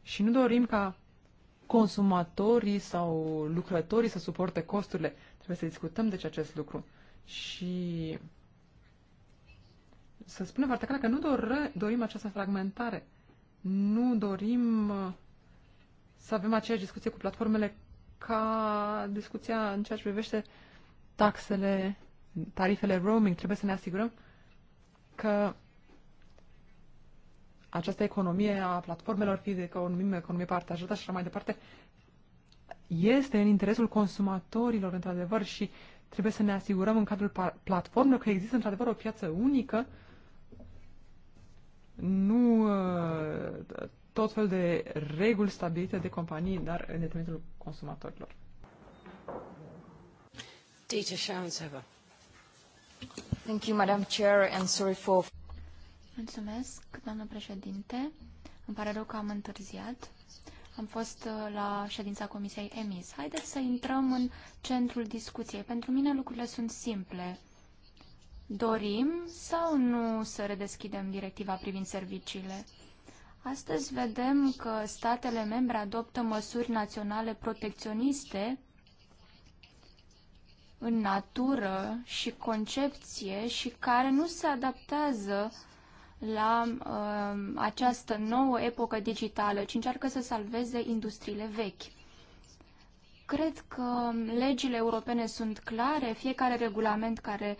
Și nu dorim ca consumatorii sau lucrătorii să suporte costurile. Trebuie să discutăm deci acest lucru. Și să spunem foarte clar că nu dor, dorim această fragmentare. Nu dorim uh, să avem aceeași discuție cu platformele ca discuția în ceea ce privește taxele, tarifele roaming. Trebuie să ne asigurăm că această economie a platformelor, fie o economie, economie partajată și așa mai departe, este în interesul consumatorilor, într-adevăr, și trebuie să ne asigurăm în cadrul platformelor că există, într-adevăr, o piață unică, nu uh, tot fel de reguli stabilite de companii, dar în detrimentul consumatorilor. Thank you, Madam Chair, and sorry for... Mulțumesc, doamnă președinte. Îmi pare rău că am întârziat. Am fost uh, la ședința Comisiei EMIS. Haideți să intrăm în centrul discuției. Pentru mine lucrurile sunt simple. Dorim sau nu să redeschidem directiva privind serviciile? Astăzi vedem că statele membre adoptă măsuri naționale protecționiste în natură și concepție și care nu se adaptează la uh, această nouă epocă digitală, ci încearcă să salveze industriile vechi. Cred că legile europene sunt clare, fiecare regulament care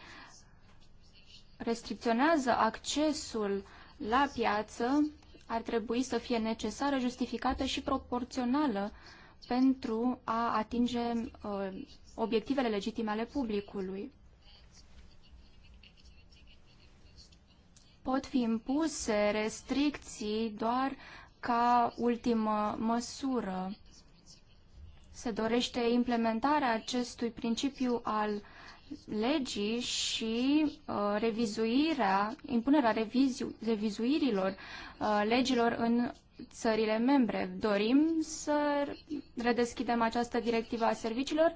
restricționează accesul la piață ar trebui să fie necesară, justificată și proporțională pentru a atinge uh, obiectivele legitime ale publicului. pot fi impuse restricții doar ca ultimă măsură. Se dorește implementarea acestui principiu al legii și uh, revizuirea, impunerea revizu revizuirilor uh, legilor în țările membre. Dorim să redeschidem această directivă a serviciilor?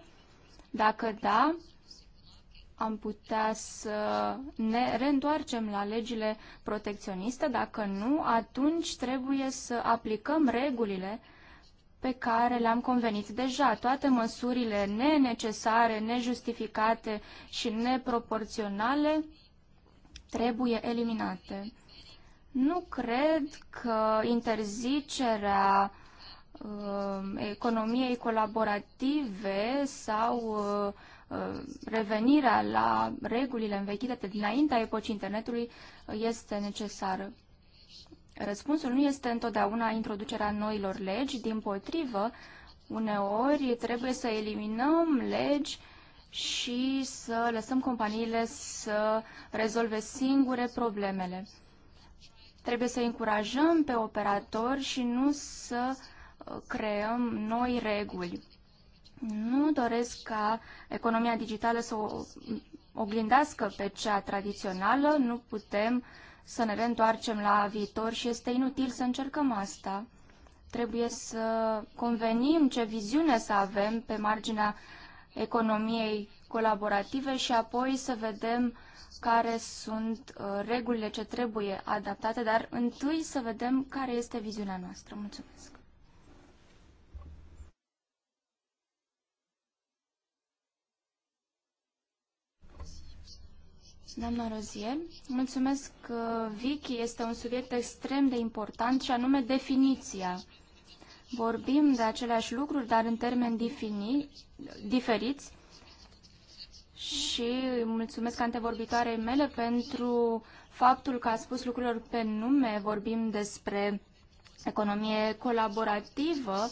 Dacă da, am putea să ne reîntoarcem la legile protecționiste. Dacă nu, atunci trebuie să aplicăm regulile pe care le-am convenit deja. Toate măsurile nenecesare, nejustificate și neproporționale trebuie eliminate. Nu cred că interzicerea uh, economiei colaborative sau uh, Uh, revenirea la regulile învechite de dinaintea epocii internetului uh, este necesară. Răspunsul nu este întotdeauna introducerea noilor legi, din potrivă, uneori trebuie să eliminăm legi și să lăsăm companiile să rezolve singure problemele. Trebuie să încurajăm pe operatori și nu să uh, creăm noi reguli. Nu doresc ca economia digitală să o oglindească pe cea tradițională, nu putem să ne reîntoarcem la viitor și este inutil să încercăm asta. Trebuie să convenim ce viziune să avem pe marginea economiei colaborative și apoi să vedem care sunt uh, regulile ce trebuie adaptate, dar întâi să vedem care este viziunea noastră. Mulțumesc! doamna Rozie. Mulțumesc, uh, Vicky. Este un subiect extrem de important și anume definiția. Vorbim de aceleași lucruri, dar în termeni defini, diferiți. Și mulțumesc antevorbitoarei mele pentru faptul că a spus lucrurilor pe nume. Vorbim despre economie colaborativă,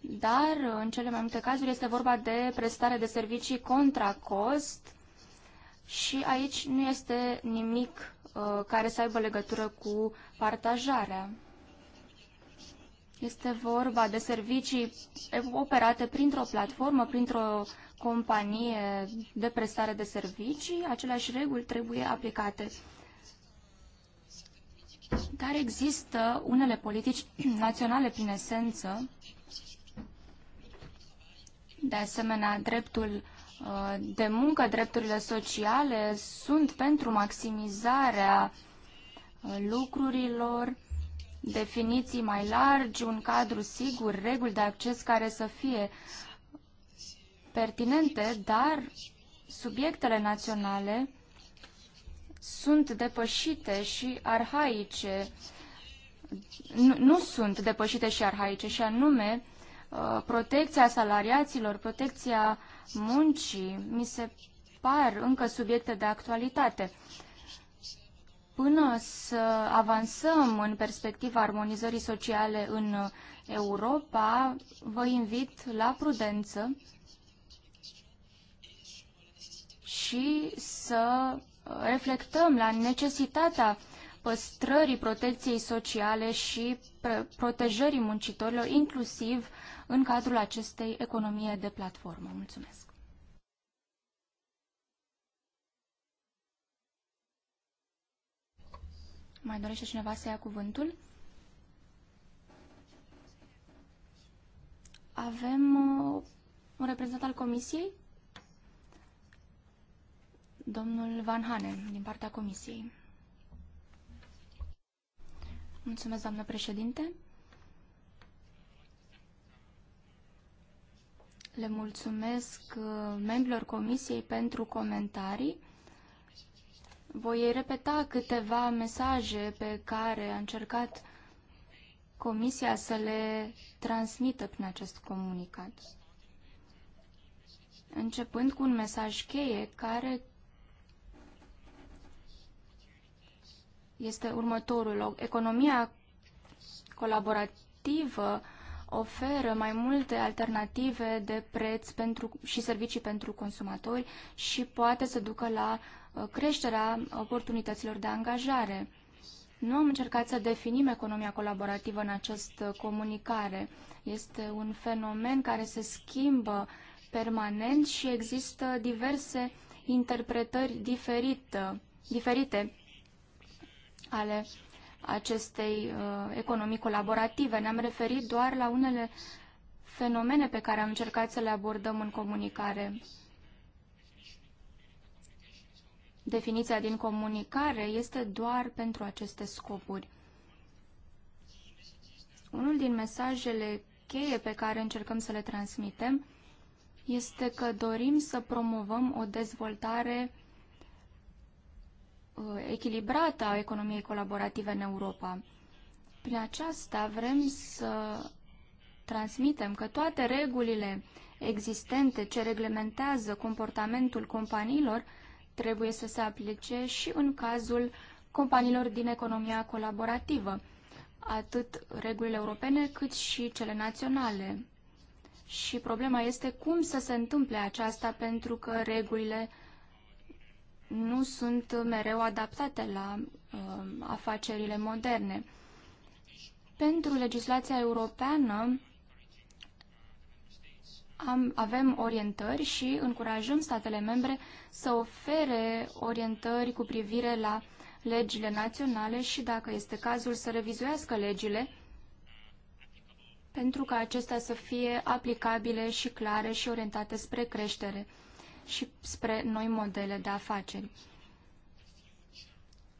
dar în cele mai multe cazuri este vorba de prestare de servicii contra cost și aici nu este nimic uh, care să aibă legătură cu partajarea. Este vorba de servicii operate printr-o platformă, printr-o companie de prestare de servicii, aceleași reguli trebuie aplicate. Dar există unele politici naționale prin esență, de asemenea dreptul Uh, de muncă, drepturile sociale sunt pentru maximizarea uh, lucrurilor, definiții mai largi, un cadru sigur, reguli de acces care să fie pertinente, dar subiectele naționale sunt depășite și arhaice. Nu, nu sunt depășite și arhaice, și anume Uh, protecția salariaților, protecția muncii, mi se par încă subiecte de actualitate. Până să avansăm în perspectiva armonizării sociale în Europa, vă invit la prudență și să reflectăm la necesitatea păstrării protecției sociale și protejării muncitorilor, inclusiv uh, în cadrul acestei economie de platformă. Mulțumesc! Mai dorește cineva să ia cuvântul? Avem uh, un reprezentant al comisiei? Domnul Van Hanen, din partea comisiei. Mulțumesc, doamnă președinte. Le mulțumesc uh, membrilor comisiei pentru comentarii. Voi repeta câteva mesaje pe care a încercat comisia să le transmită prin acest comunicat. Începând cu un mesaj cheie care este următorul. Economia colaborativă oferă mai multe alternative de preț pentru, și servicii pentru consumatori și poate să ducă la uh, creșterea oportunităților de angajare. Nu am încercat să definim economia colaborativă în această comunicare. Este un fenomen care se schimbă permanent și există diverse interpretări diferite, diferite ale acestei uh, economii colaborative. Ne-am referit doar la unele fenomene pe care am încercat să le abordăm în comunicare. Definiția din comunicare este doar pentru aceste scopuri. Unul din mesajele cheie pe care încercăm să le transmitem este că dorim să promovăm o dezvoltare Uh, echilibrată a economiei colaborative în Europa. Prin aceasta vrem să transmitem că toate regulile existente ce reglementează comportamentul companiilor trebuie să se aplice și în cazul companiilor din economia colaborativă, atât regulile europene cât și cele naționale. Și problema este cum să se întâmple aceasta pentru că regulile uh, nu sunt mereu adaptate la uh, afacerile moderne. Pentru legislația europeană am, avem orientări și încurajăm statele membre să ofere orientări cu privire la legile naționale și, dacă este cazul, să revizuiască legile pentru ca acestea să fie aplicabile și clare și orientate spre creștere și spre noi modele de afaceri.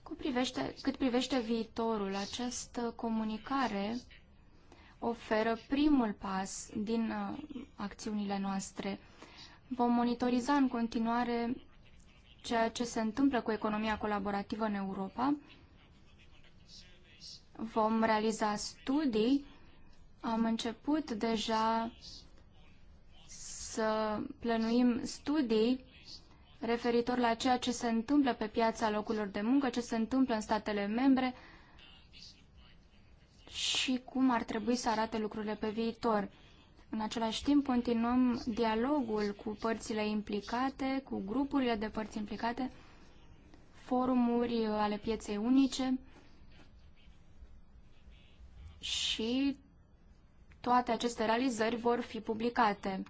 Cu privește, cât privește viitorul, această comunicare oferă primul pas din uh, acțiunile noastre. Vom monitoriza în continuare ceea ce se întâmplă cu economia colaborativă în Europa. Vom realiza studii. Am început deja să plănuim studii referitor la ceea ce se întâmplă pe piața locurilor de muncă, ce se întâmplă în statele membre și cum ar trebui să arate lucrurile pe viitor. În același timp, continuăm dialogul cu părțile implicate, cu grupurile de părți implicate, forumuri ale pieței unice și toate aceste realizări vor fi publicate.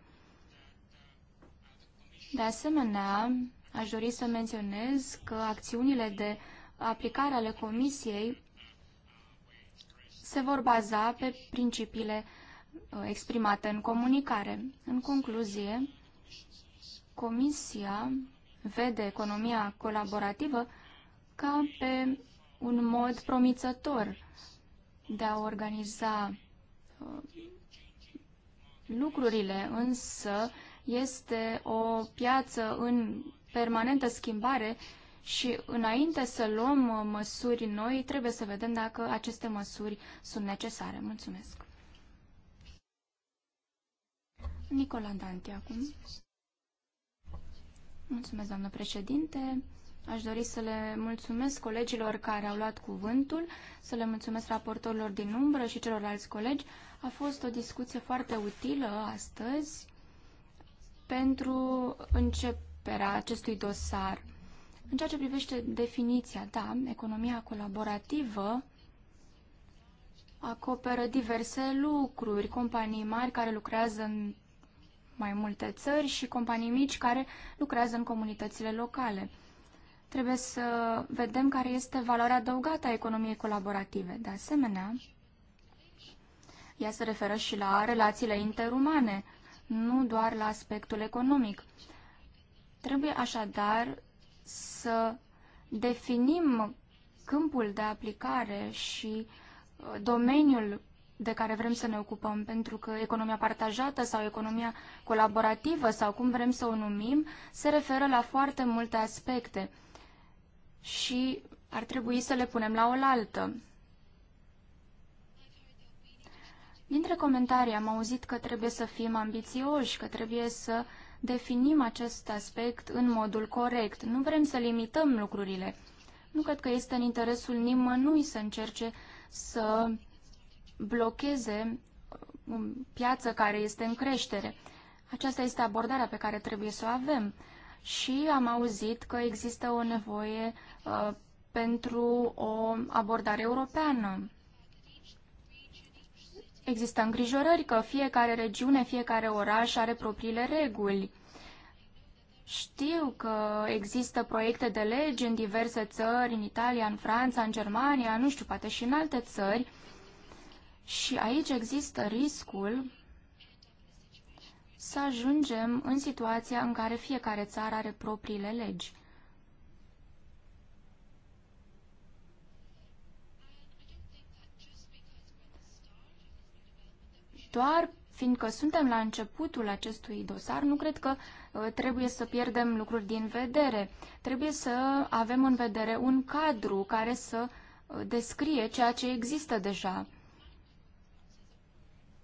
De asemenea, aș dori să menționez că acțiunile de aplicare ale Comisiei se vor baza pe principiile uh, exprimate în comunicare. În concluzie, Comisia vede economia colaborativă ca pe un mod promițător de a organiza uh, lucrurile, însă este o piață în permanentă schimbare și înainte să luăm uh, măsuri noi, trebuie să vedem dacă aceste măsuri sunt necesare. Mulțumesc! Nicola Dante acum. Mulțumesc, doamnă președinte. Aș dori să le mulțumesc colegilor care au luat cuvântul, să le mulțumesc raportorilor din umbră și celorlalți colegi. A fost o discuție foarte utilă astăzi pentru începerea acestui dosar. În ceea ce privește definiția, da, economia colaborativă acoperă diverse lucruri, companii mari care lucrează în mai multe țări și companii mici care lucrează în comunitățile locale. Trebuie să vedem care este valoarea adăugată a economiei colaborative. De asemenea, ea se referă și la relațiile interumane, nu doar la aspectul economic. Trebuie așadar să definim câmpul de aplicare și uh, domeniul de care vrem să ne ocupăm, pentru că economia partajată sau economia colaborativă sau cum vrem să o numim, se referă la foarte multe aspecte și ar trebui să le punem la oaltă. Dintre comentarii am auzit că trebuie să fim ambițioși, că trebuie să definim acest aspect în modul corect. Nu vrem să limităm lucrurile. Nu cred că este în interesul nimănui să încerce să blocheze o uh, piață care este în creștere. Aceasta este abordarea pe care trebuie să o avem. Și am auzit că există o nevoie uh, pentru o abordare europeană Există îngrijorări că fiecare regiune, fiecare oraș are propriile reguli. Știu că există proiecte de lege în diverse țări, în Italia, în Franța, în Germania, nu știu, poate și în alte țări. Și aici există riscul să ajungem în situația în care fiecare țară are propriile legi. doar fiindcă suntem la începutul acestui dosar, nu cred că uh, trebuie să pierdem lucruri din vedere. Trebuie să avem în vedere un cadru care să uh, descrie ceea ce există deja.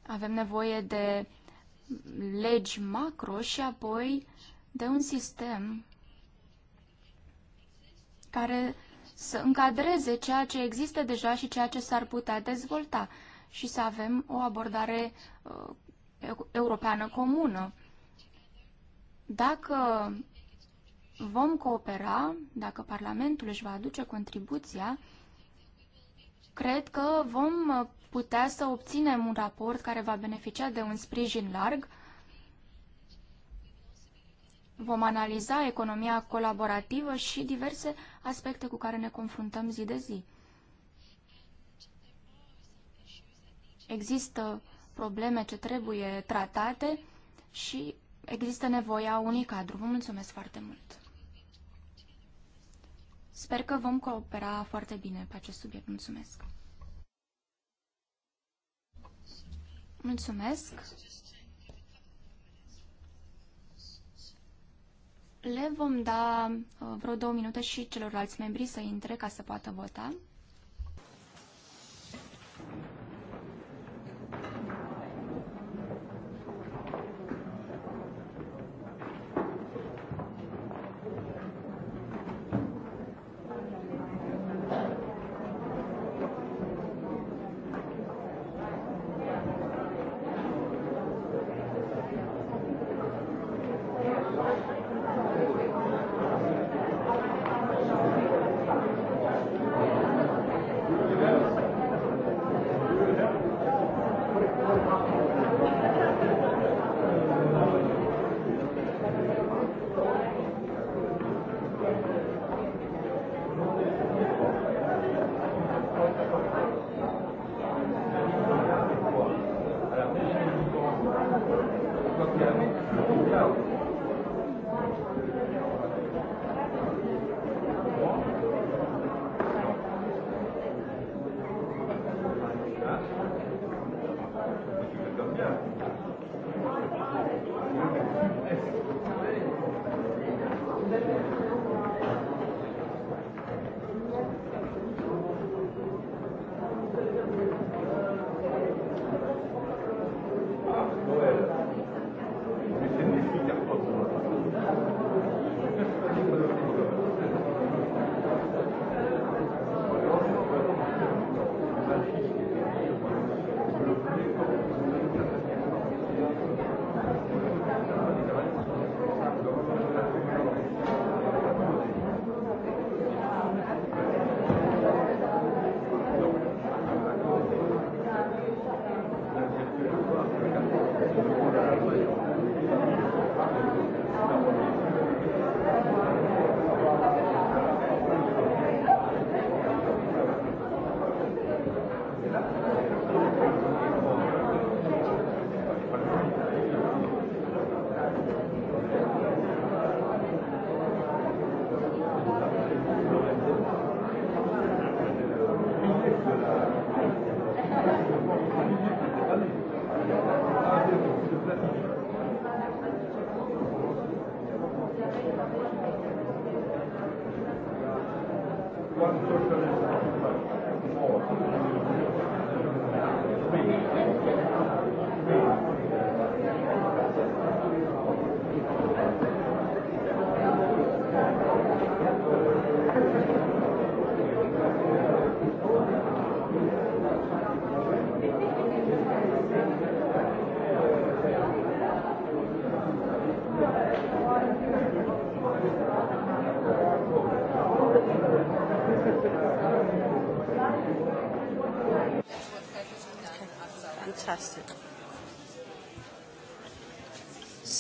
Avem nevoie de legi macro și apoi de un sistem care să încadreze ceea ce există deja și ceea ce s-ar putea dezvolta și să avem o abordare uh, europeană comună. Dacă vom coopera, dacă Parlamentul își va aduce contribuția, cred că vom putea să obținem un raport care va beneficia de un sprijin larg. Vom analiza economia colaborativă și diverse aspecte cu care ne confruntăm zi de zi. Există probleme ce trebuie tratate și există nevoia unui cadru. Vă mulțumesc foarte mult! Sper că vom coopera foarte bine pe acest subiect. Mulțumesc! Mulțumesc! Le vom da uh, vreo două minute și celorlalți membri să intre ca să poată vota.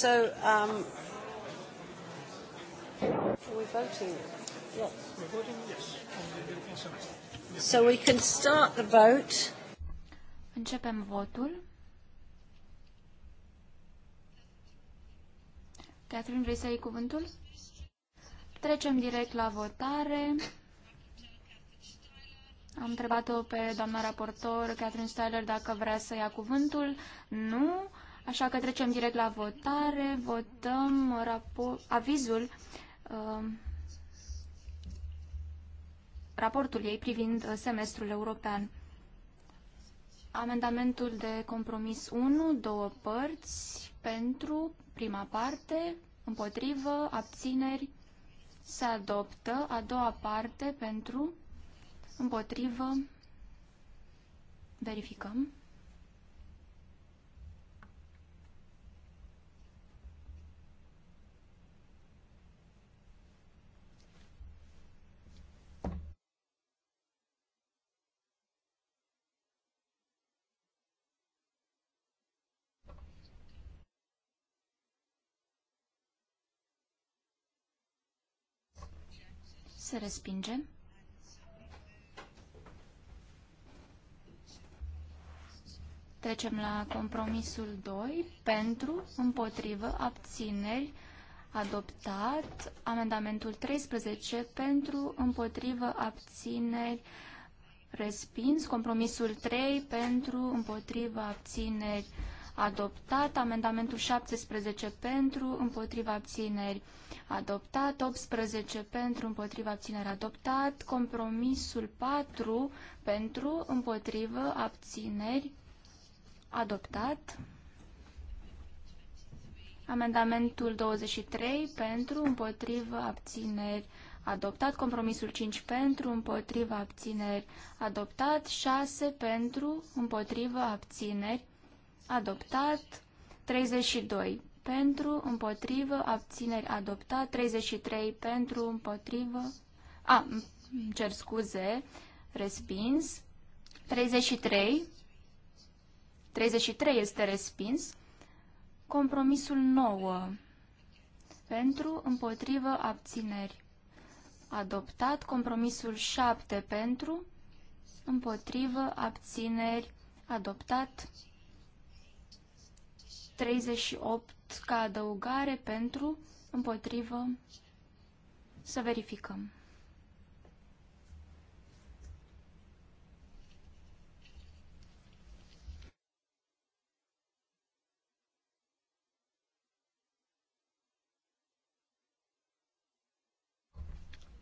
So, um, are we voting? Yes. So we can start the vote. Începem votul. Catherine, vrei să iei cuvântul? Trecem direct la votare. Am întrebat-o pe doamna raportor, Catherine Styler, dacă vrea să ia cuvântul. Nu. Așa că trecem direct la votare. Votăm raport, avizul, uh, raportul ei privind uh, semestrul european. Amendamentul de compromis 1, două părți, pentru prima parte, împotrivă, abțineri, se adoptă, a doua parte, pentru, împotrivă, verificăm. se respinge. Trecem la compromisul 2, pentru, împotrivă, abțineri, adoptat. Amendamentul 13, pentru, împotrivă, abțineri, respins. Compromisul 3, pentru, împotrivă, abțineri, adoptat adoptat, amendamentul 17 pentru, împotriva abțineri adoptat, 18 pentru, împotriva abțineri adoptat, compromisul 4 pentru, împotriva abțineri adoptat. Amendamentul 23 pentru, împotriva abțineri, adoptat. Compromisul 5 pentru, împotriva abțineri, adoptat. 6 pentru, împotriva abțineri, adoptat. 32 pentru, împotrivă, abțineri adoptat. 33 pentru, împotrivă, a, cer scuze, respins. 33, 33 este respins. Compromisul 9 pentru, împotrivă, abțineri. Adoptat compromisul 7 pentru, împotrivă, abțineri, adoptat 38 ca adăugare pentru, împotrivă, să verificăm.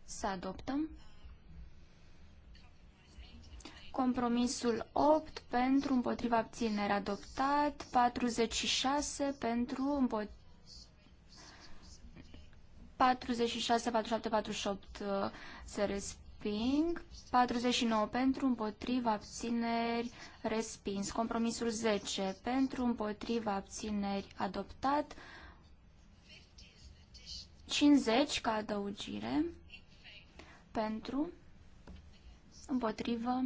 Să adoptăm. Compromisul 8 pentru împotriva abținere adoptat, 46 pentru împotriva 46, 47, 48 se resping, 49 pentru împotriva abțineri respins, compromisul 10 pentru împotriva abțineri adoptat, 50 ca adăugire pentru împotriva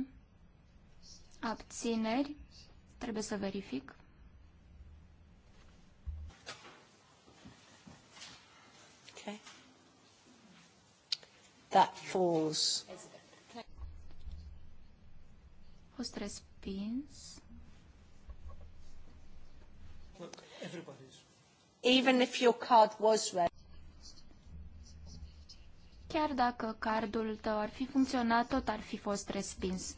Abțineri. Trebuie să verific. That falls. fost respins. Even if your card was red. Chiar dacă cardul tău ar fi funcționat, tot ar fi fost respins.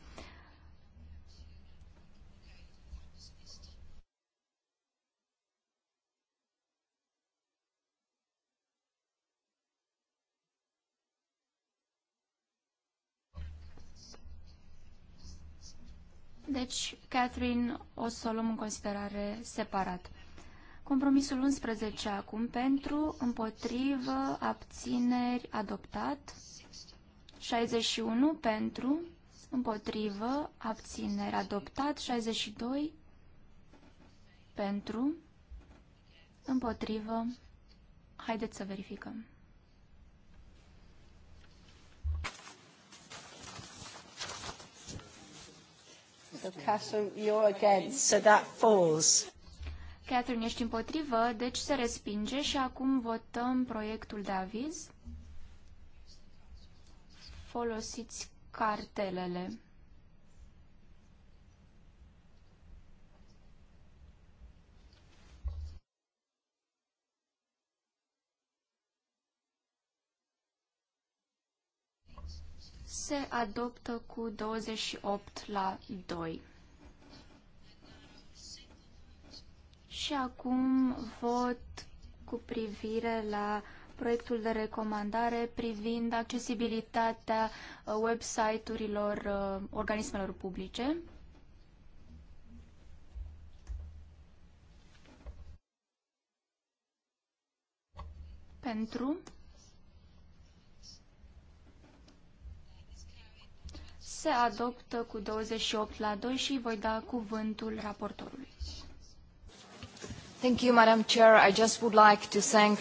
Catherine, o să o luăm în considerare separat. Compromisul 11 acum pentru, împotrivă, abțineri, adoptat. 61 pentru, împotrivă, abțineri, adoptat. 62 pentru, împotrivă. Haideți să verificăm. Catherine, you're against, so that falls. Catherine, ești împotrivă, deci se respinge și acum votăm proiectul de aviz. Folosiți cartelele. se adoptă cu 28 la 2. Și acum vot cu privire la proiectul de recomandare privind accesibilitatea uh, website-urilor uh, organismelor publice. Pentru se adoptă cu 28 la 2 și voi da cuvântul raportorului. Thank you, Madam Chair. I just would like to thank...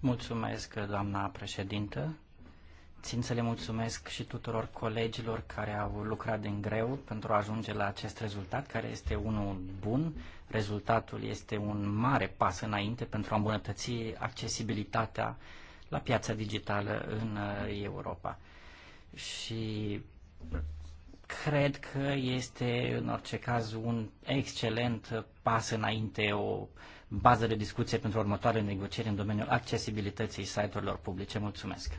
Mulțumesc, doamna președintă. Țin să le mulțumesc și tuturor colegilor care au lucrat din greu pentru a ajunge la acest rezultat, care este unul bun. Rezultatul este un mare pas înainte pentru a îmbunătăți accesibilitatea la piața digitală în uh, Europa. Și Cred că este în orice caz un excelent pas înainte, o bază de discuție pentru următoarele negocieri în domeniul accesibilității site-urilor publice. Mulțumesc!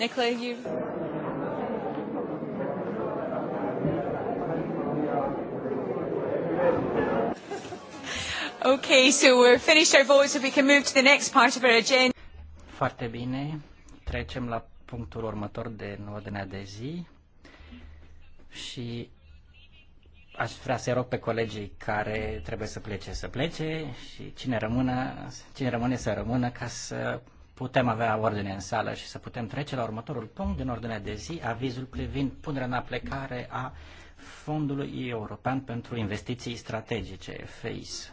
Nicola, you. Okay, so we're finished our votes, so we can move to the next part of our agenda. Foarte bine. Trecem la punctul următor de ordinea de zi și aș vrea să rog pe colegii care trebuie să plece să plece și cine rămână, cine rămâne să rămână ca să putem avea ordine în sală și să putem trece la următorul punct din ordinea de zi, avizul privind punerea în aplicare a Fondului European pentru Investiții Strategice, FACE.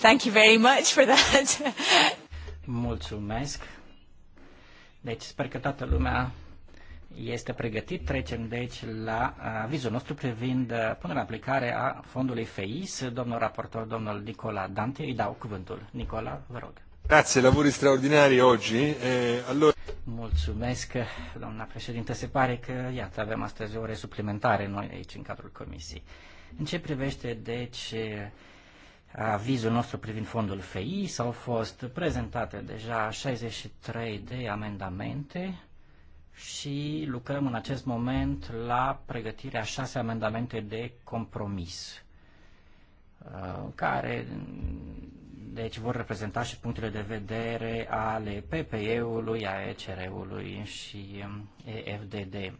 Thank you very much for that. Mulțumesc. Deci sper că toată lumea este pregătit. Trecem deci la uh, avizul nostru privind uh, punerea în aplicare a fondului FEIS. Domnul raportor, domnul Nicola Dante, îi dau cuvântul. Nicola, vă rog. Grazie, lavori straordinari oggi. Eh, allora... Mulțumesc, doamna președinte. Se pare că, iată, avem astăzi ore suplimentare noi aici în cadrul comisiei. În ce privește, deci, avizul nostru privind fondul FEI, s-au fost prezentate deja 63 de amendamente și lucrăm în acest moment la pregătirea șase amendamente de compromis uh, care deci vor reprezenta și punctele de vedere ale PPE-ului, a ECR-ului și um, EFDD.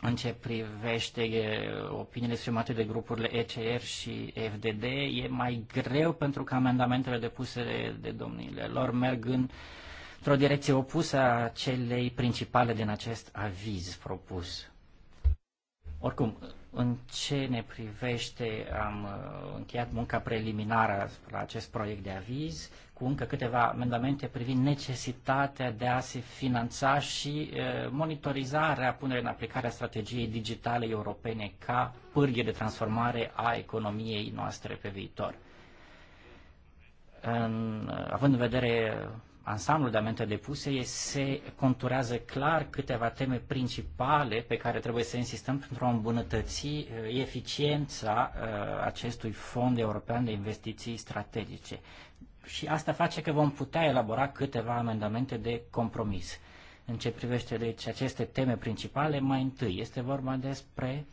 În ce privește opiniile exprimate de grupurile ECR și FDD, e mai greu pentru că amendamentele depuse de domnile lor merg în uh, într-o direcție opusă a celei principale din acest aviz propus. Oricum, în ce ne privește, am uh, încheiat munca preliminară la acest proiect de aviz cu încă câteva amendamente privind necesitatea de a se finanța și uh, monitorizarea punerea în aplicare a strategiei digitale europene ca pârghie de transformare a economiei noastre pe viitor. În, uh, având în vedere ansamblul de amente depuse, se conturează clar câteva teme principale pe care trebuie să insistăm pentru a îmbunătăți uh, eficiența uh, acestui fond european de investiții strategice. Și asta face că vom putea elabora câteva amendamente de compromis. În ce privește deci aceste teme principale, mai întâi este vorba despre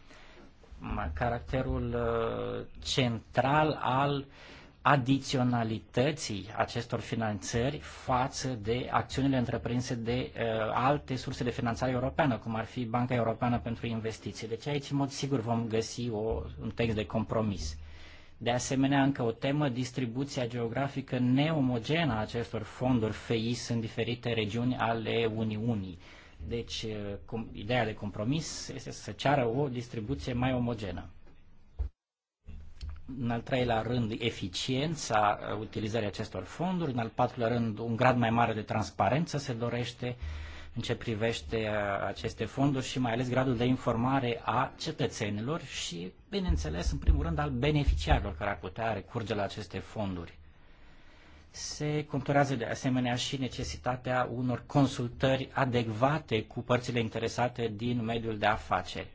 mm, caracterul uh, central al uh, adiționalității acestor finanțări față de acțiunile întreprinse de uh, alte surse de finanțare europeană, cum ar fi Banca Europeană pentru Investiții. Deci aici, în mod sigur, vom găsi o, un text de compromis. De asemenea, încă o temă, distribuția geografică neomogenă a acestor fonduri FEIS în diferite regiuni ale Uniunii. Deci, uh, cum, ideea de compromis este să ceară o distribuție mai omogenă în al treilea rând eficiența uh, utilizării acestor fonduri, în al patrulea rând un grad mai mare de transparență se dorește în ce privește uh, aceste fonduri și mai ales gradul de informare a cetățenilor și, bineînțeles, în primul rând al beneficiarilor care ar putea recurge la aceste fonduri. Se conturează de asemenea și necesitatea unor consultări adecvate cu părțile interesate din mediul de afaceri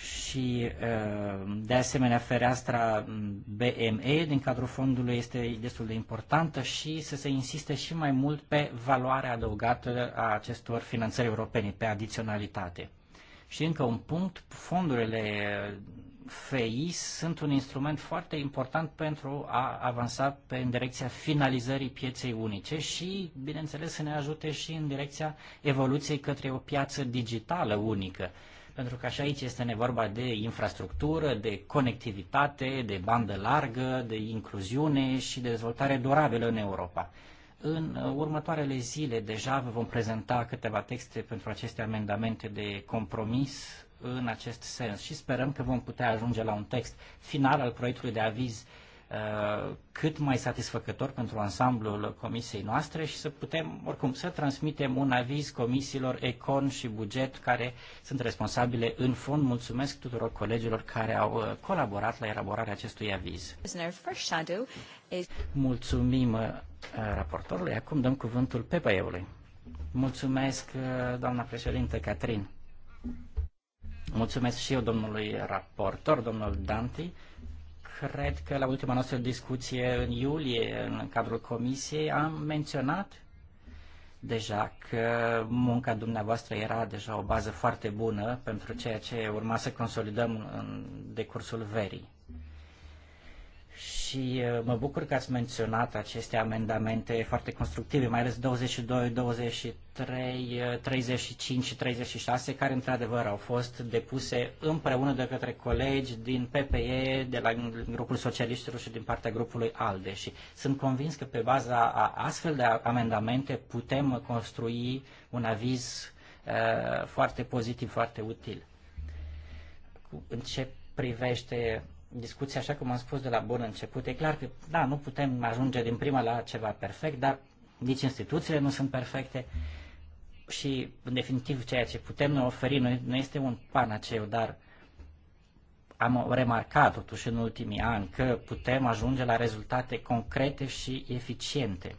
și uh, de asemenea fereastra BME din cadrul fondului este destul de importantă și să se insiste și mai mult pe valoarea adăugată a acestor finanțări europene, pe adiționalitate. Și încă un punct, fondurile FEI sunt un instrument foarte important pentru a avansa pe, în direcția finalizării pieței unice și, bineînțeles, să ne ajute și în direcția evoluției către o piață digitală unică pentru că și aici este vorba de infrastructură, de conectivitate, de bandă largă, de incluziune și de dezvoltare durabilă în Europa. În uh, următoarele zile deja vă vom prezenta câteva texte pentru aceste amendamente de compromis în acest sens și sperăm că vom putea ajunge la un text final al proiectului de aviz Uh, cât mai satisfăcător pentru ansamblul comisiei noastre și să putem, oricum, să transmitem un aviz comisiilor Econ și Buget care sunt responsabile în fond. Mulțumesc tuturor colegilor care au uh, colaborat la elaborarea acestui aviz. Mulțumim uh, raportorului. Acum dăm cuvântul PPE-ului. Mulțumesc, doamna președinte Catrin. Mulțumesc și eu domnului raportor, domnul Danti cred că la ultima noastră discuție în iulie, în cadrul comisiei, am menționat deja că munca dumneavoastră era deja o bază foarte bună pentru ceea ce urma să consolidăm în decursul verii și uh, mă bucur că ați menționat aceste amendamente foarte constructive, mai ales 22, 23, 35 și 36, uh, care într-adevăr au fost depuse împreună de către colegi din PPE, de la grupul socialiștilor și din partea grupului ALDE. Și sunt convins că pe baza a astfel de amendamente putem construi un aviz uh, foarte pozitiv, foarte util. În ce privește discuție, așa cum am spus de la bun început, e clar că, da, nu putem ajunge din prima la ceva perfect, dar nici instituțiile nu sunt perfecte și, în definitiv, ceea ce putem noi oferi nu, nu este un panaceu, dar am remarcat, totuși, în ultimii ani, că putem ajunge la rezultate concrete și eficiente.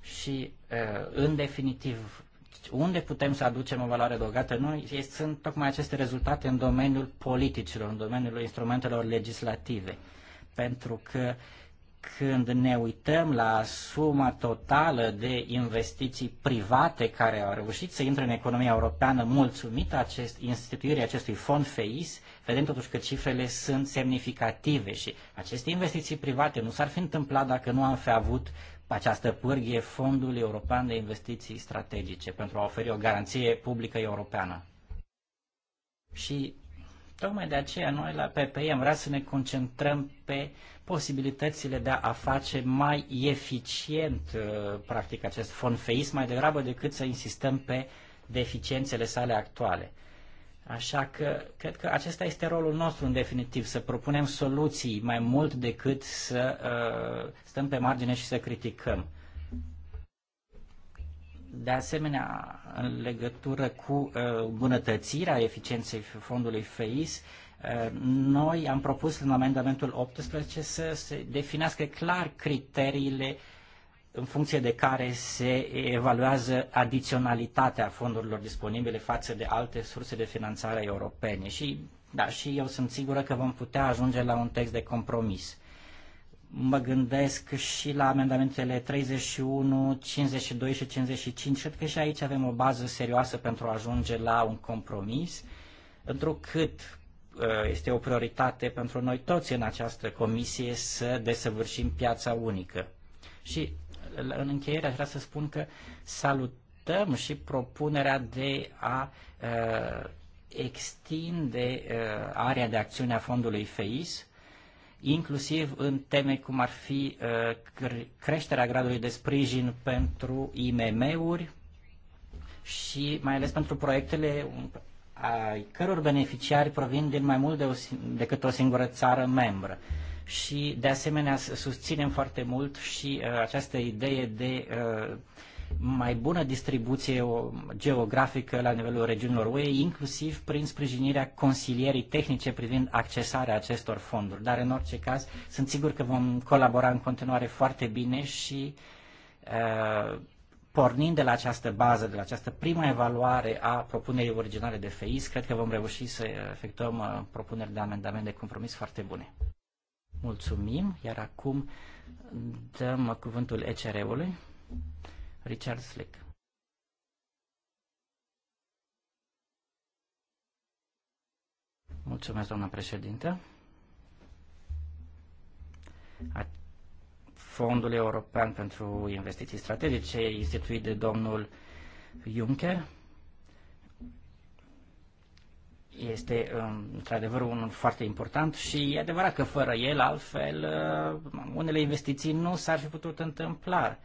Și, uh, în definitiv, unde putem să aducem o valoare adăugată noi sunt tocmai aceste rezultate în domeniul politicilor, în domeniul instrumentelor legislative. Pentru că când ne uităm la suma totală de investiții private care au reușit să intre în economia europeană mulțumită acest, instituirii acestui fond FEIS, vedem totuși că cifrele sunt semnificative și aceste investiții private nu s-ar fi întâmplat dacă nu am fi avut această pârghie Fondul European de Investiții Strategice pentru a oferi o garanție publică europeană. Și tocmai de aceea noi la PPI am vrea să ne concentrăm pe posibilitățile de a face mai eficient uh, practic acest fond FEIS mai degrabă decât să insistăm pe deficiențele sale actuale. Așa că cred că acesta este rolul nostru în definitiv, să propunem soluții mai mult decât să uh, stăm pe margine și să criticăm. De asemenea, în legătură cu uh, bunătățirea eficienței fondului FEIS, uh, noi am propus în amendamentul 18 să se definească clar criteriile uh, în funcție de care se evaluează adiționalitatea fondurilor disponibile față de alte surse de finanțare europene. Și, da, și eu sunt sigură că vom putea ajunge la un text de compromis. Mă gândesc și la amendamentele 31, 52 și 55. Cred că și aici avem o bază serioasă pentru a ajunge la un compromis, întrucât ă, este o prioritate pentru noi toți în această comisie să desăvârșim piața unică. Și în încheiere aș vrea să spun că salutăm și propunerea de a uh, extinde uh, area de acțiune a fondului FEIS, inclusiv în teme cum ar fi uh, creșterea gradului de sprijin pentru IMM-uri și mai ales pentru proiectele ai căror beneficiari provin din mai mult de o, decât o singură țară membră. Uh, și de asemenea susținem foarte mult și uh, această idee de uh, mai bună distribuție geografică la nivelul regiunilor UE, inclusiv prin sprijinirea consilierii tehnice privind accesarea acestor fonduri. Dar, în orice caz, sunt sigur că vom colabora în continuare foarte bine și uh, pornind de la această bază, de la această prima evaluare a propunerii originale de FEIS, cred că vom reuși să efectuăm uh, propuneri de amendament de compromis foarte bune. Mulțumim, iar acum dăm cuvântul ECR-ului, Richard Slick. Mulțumesc, doamna președinte. Fondul European pentru Investiții Strategice, instituit de domnul Juncker, este um, într-adevăr unul foarte important și e adevărat că fără el, altfel, uh, unele investiții nu s-ar fi putut întâmpla.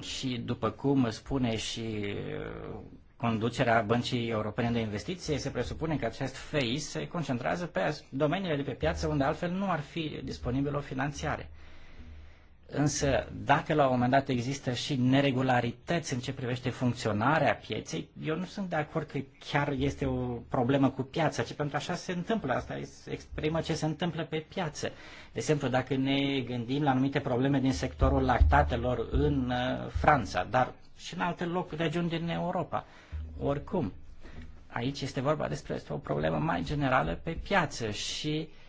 Și după cum spune și uh, conducerea Băncii Europene de Investiție, se presupune că acest FEI se concentrează pe domeniile de pe piață unde altfel nu ar fi disponibil o finanțare. Însă, dacă la un moment dat există și neregularități în ce privește funcționarea pieței, eu nu sunt de acord că chiar este o problemă cu piața, ci pentru așa se întâmplă. Asta exprimă ce se întâmplă pe piață. De exemplu, dacă ne gândim la anumite probleme din sectorul lactatelor în uh, Franța, dar și în alte locuri, regiuni din Europa. Oricum, aici este vorba despre o problemă mai generală pe piață și uh,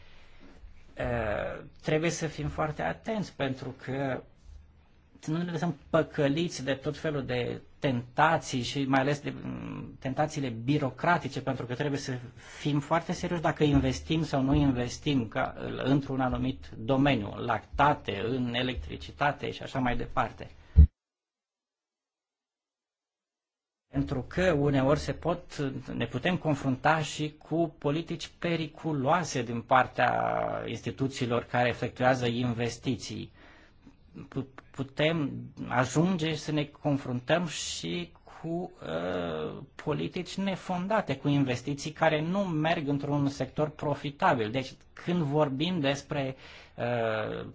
Eh, trebuie să fim foarte atenți pentru că să nu ne lăsăm păcăliți de tot felul de tentații și mai ales de mm, tentațiile birocratice, pentru că trebuie să fim foarte serioși dacă investim sau nu investim într-un anumit domeniu, lactate, în electricitate și așa mai departe. pentru că uneori se pot, ne putem confrunta și cu politici periculoase din partea instituțiilor care efectuează investiții. Putem ajunge să ne confruntăm și cu uh, politici nefondate, cu investiții care nu merg într-un sector profitabil. Deci când vorbim despre uh,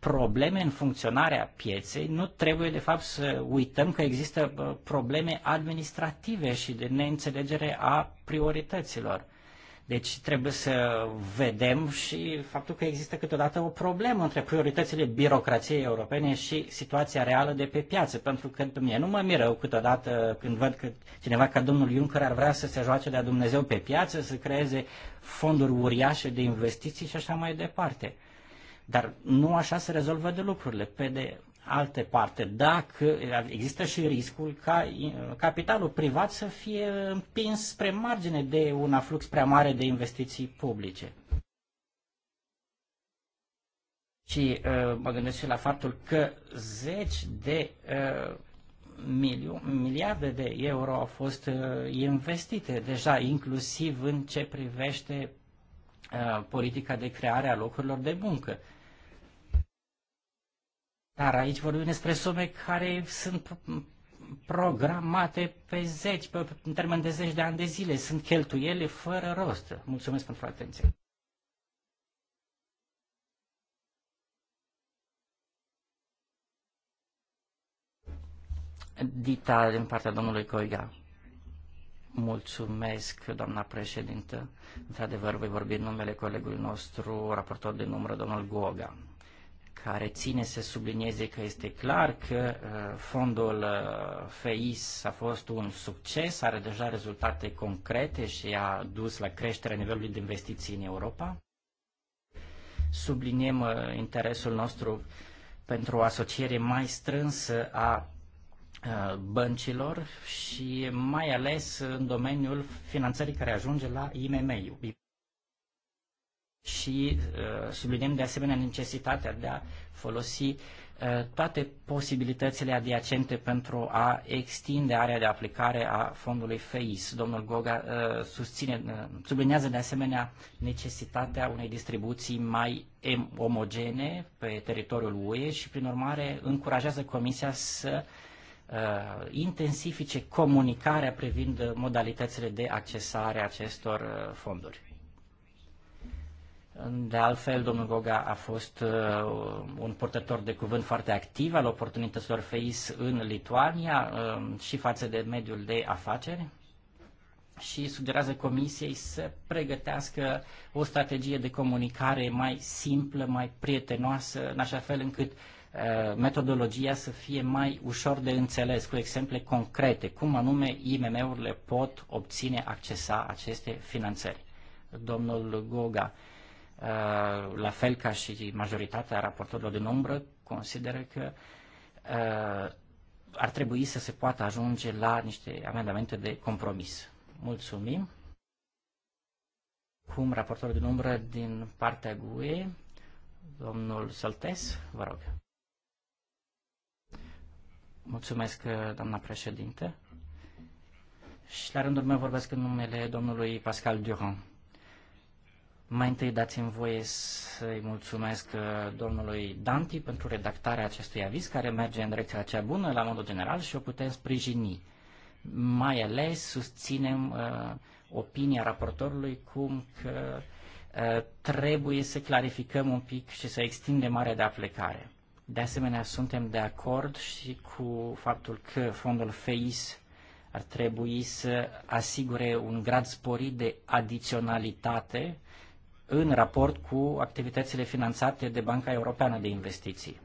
probleme în funcționarea pieței, nu trebuie de fapt să uităm că există probleme administrative și de neînțelegere a priorităților. Deci trebuie să vedem și faptul că există câteodată o problemă între prioritățile birocrației europene și situația reală de pe piață, pentru că pe mine nu mă miră câteodată când văd că cineva ca domnul Juncker ar vrea să se joace de-a Dumnezeu pe piață, să creeze fonduri uriașe de investiții și așa mai departe. Dar nu așa se rezolvă de lucrurile. Pe de alte parte, dacă există și riscul ca uh, capitalul privat să fie împins spre margine de un aflux prea mare de investiții publice. Și uh, mă gândesc și la faptul că zeci de uh, miliu- miliarde de euro au fost uh, investite deja, inclusiv în ce privește uh, politica de creare a locurilor de muncă. Uh, dar aici vorbim despre sume care sunt programate pe zeci, pe, în termen de zeci de ani de zile. Sunt cheltuiele fără rost. Mulțumesc pentru atenție. Dita din partea domnului Coiga. Mulțumesc, doamna președintă. Într-adevăr, voi vorbi în numele colegului nostru, raportor de număr, domnul Goga care ține să sublinieze că este clar că uh, fondul uh, FEIS a fost un succes, are deja rezultate concrete și a dus la creșterea nivelului de investiții în Europa. Subliniem uh, interesul nostru pentru o asociere mai strânsă a băncilor și mai ales în domeniul finanțării care ajunge la imm ul și uh, subliniem de asemenea necesitatea de a folosi uh, toate posibilitățile adiacente pentru a extinde area de aplicare a fondului FEIS. Domnul Goga uh, susține, uh, sublinează de asemenea necesitatea unei distribuții mai omogene pe teritoriul UE și, prin urmare, încurajează Comisia să uh, intensifice comunicarea privind modalitățile de accesare a acestor uh, fonduri. De altfel, domnul Goga a fost uh, un purtător de cuvânt foarte activ al oportunităților FEIS în Lituania uh, și față de mediul de afaceri și sugerează Comisiei să pregătească o strategie de comunicare mai simplă, mai prietenoasă, în așa fel încât uh, metodologia să fie mai ușor de înțeles, cu exemple concrete, cum anume IMM-urile pot obține, accesa aceste finanțări. Domnul Goga, uh, Uh, la fel ca și majoritatea raportorilor din umbră, consideră că uh, ar trebui să se poată ajunge la niște amendamente de compromis. Mulțumim. Cum raportorul din umbră din partea GUE, domnul Saltes, vă rog. Mulțumesc, uh, doamna președinte. Și la rândul meu vorbesc în numele domnului Pascal Durand mai întâi dați-mi voie să-i mulțumesc uh, domnului Danti pentru redactarea acestui aviz, care merge în direcția cea bună, la modul general, și o putem sprijini. Mai ales susținem uh, opinia raportorului cum că uh, trebuie să clarificăm un pic și să extindem marea de aplicare. De asemenea, suntem de acord și cu faptul că fondul FEIS ar trebui să asigure un grad sporit de adiționalitate în raport cu activitățile finanțate de Banca Europeană de Investiții.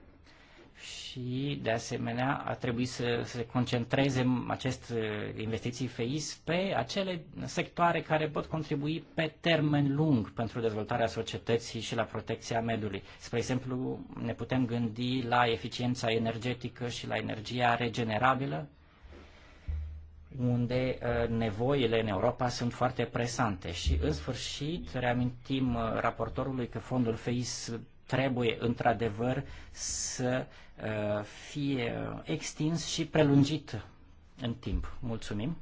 Și, de asemenea, a trebuit să, să se concentreze aceste uh, investiții FEIS pe acele sectoare care pot contribui pe termen lung pentru dezvoltarea societății și la protecția mediului. Spre exemplu, ne putem gândi la eficiența energetică și la energia regenerabilă, unde uh, nevoile în Europa sunt foarte presante și în sfârșit reamintim uh, raportorului că fondul FEIS trebuie într-adevăr să uh, fie extins și prelungit în timp. Mulțumim!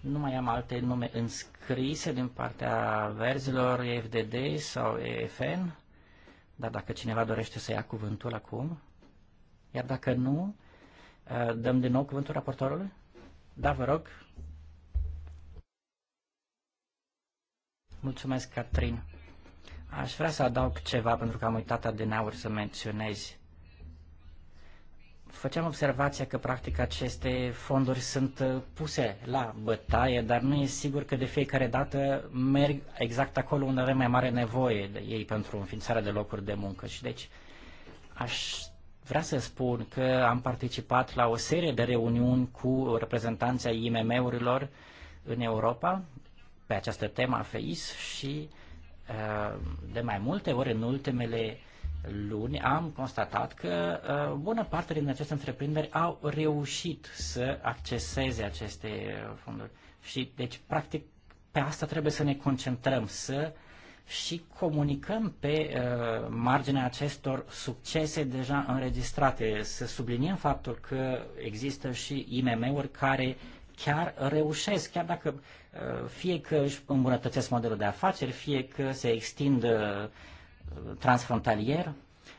Nu mai am alte nume înscrise din partea verzilor FDD sau EFN, dar dacă cineva dorește să ia cuvântul acum, iar dacă nu, dăm din nou cuvântul raportorului? Da, vă rog. Mulțumesc, Catrin. Aș vrea să adaug ceva, pentru că am uitat adineaur să menționez. Făceam observația că, practic, aceste fonduri sunt uh, puse la bătaie, dar nu e sigur că de fiecare dată merg exact acolo unde avem mai mare nevoie de ei pentru înființarea de locuri de muncă. Și deci aș Vreau să spun că am participat la o serie de reuniuni cu reprezentanța IMM-urilor în Europa pe această temă a FEIS și uh, de mai multe ori în ultimele luni am constatat că uh, bună parte din aceste întreprinderi au reușit să acceseze aceste uh, fonduri. Și deci, practic, pe asta trebuie să ne concentrăm, să uh, și comunicăm pe uh, marginea acestor succese deja înregistrate. Să subliniem faptul că există și IMM-uri care chiar reușesc, chiar dacă uh, fie că își îmbunătățesc modelul de afaceri, fie că se extindă uh, transfrontalier,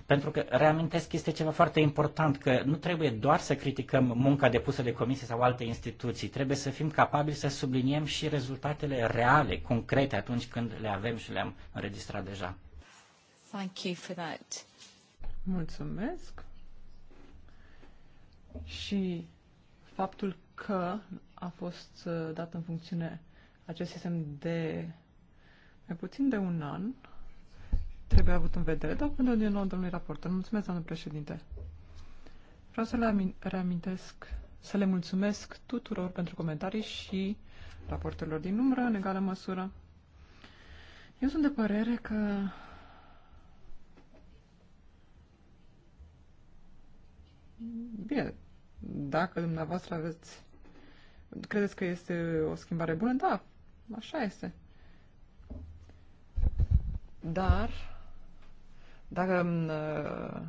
pentru că, reamintesc, este ceva foarte important, că nu trebuie doar să criticăm munca depusă de comisie sau alte instituții, trebuie să fim capabili să subliniem și rezultatele reale, concrete, atunci când le avem și le-am înregistrat deja. Thank you for that. Mulțumesc. Și faptul că a fost uh, dat în funcțiune acest sistem de mai puțin de un an trebuie avut în vedere, dar până din nou, domnului raportor. Mulțumesc, domnul președinte. Vreau să le reamintesc, să le mulțumesc tuturor pentru comentarii și raportelor din umbră, în egală măsură. Eu sunt de părere că Bine, dacă dumneavoastră aveți, credeți că este o schimbare bună, da, așa este. Dar dacă uh,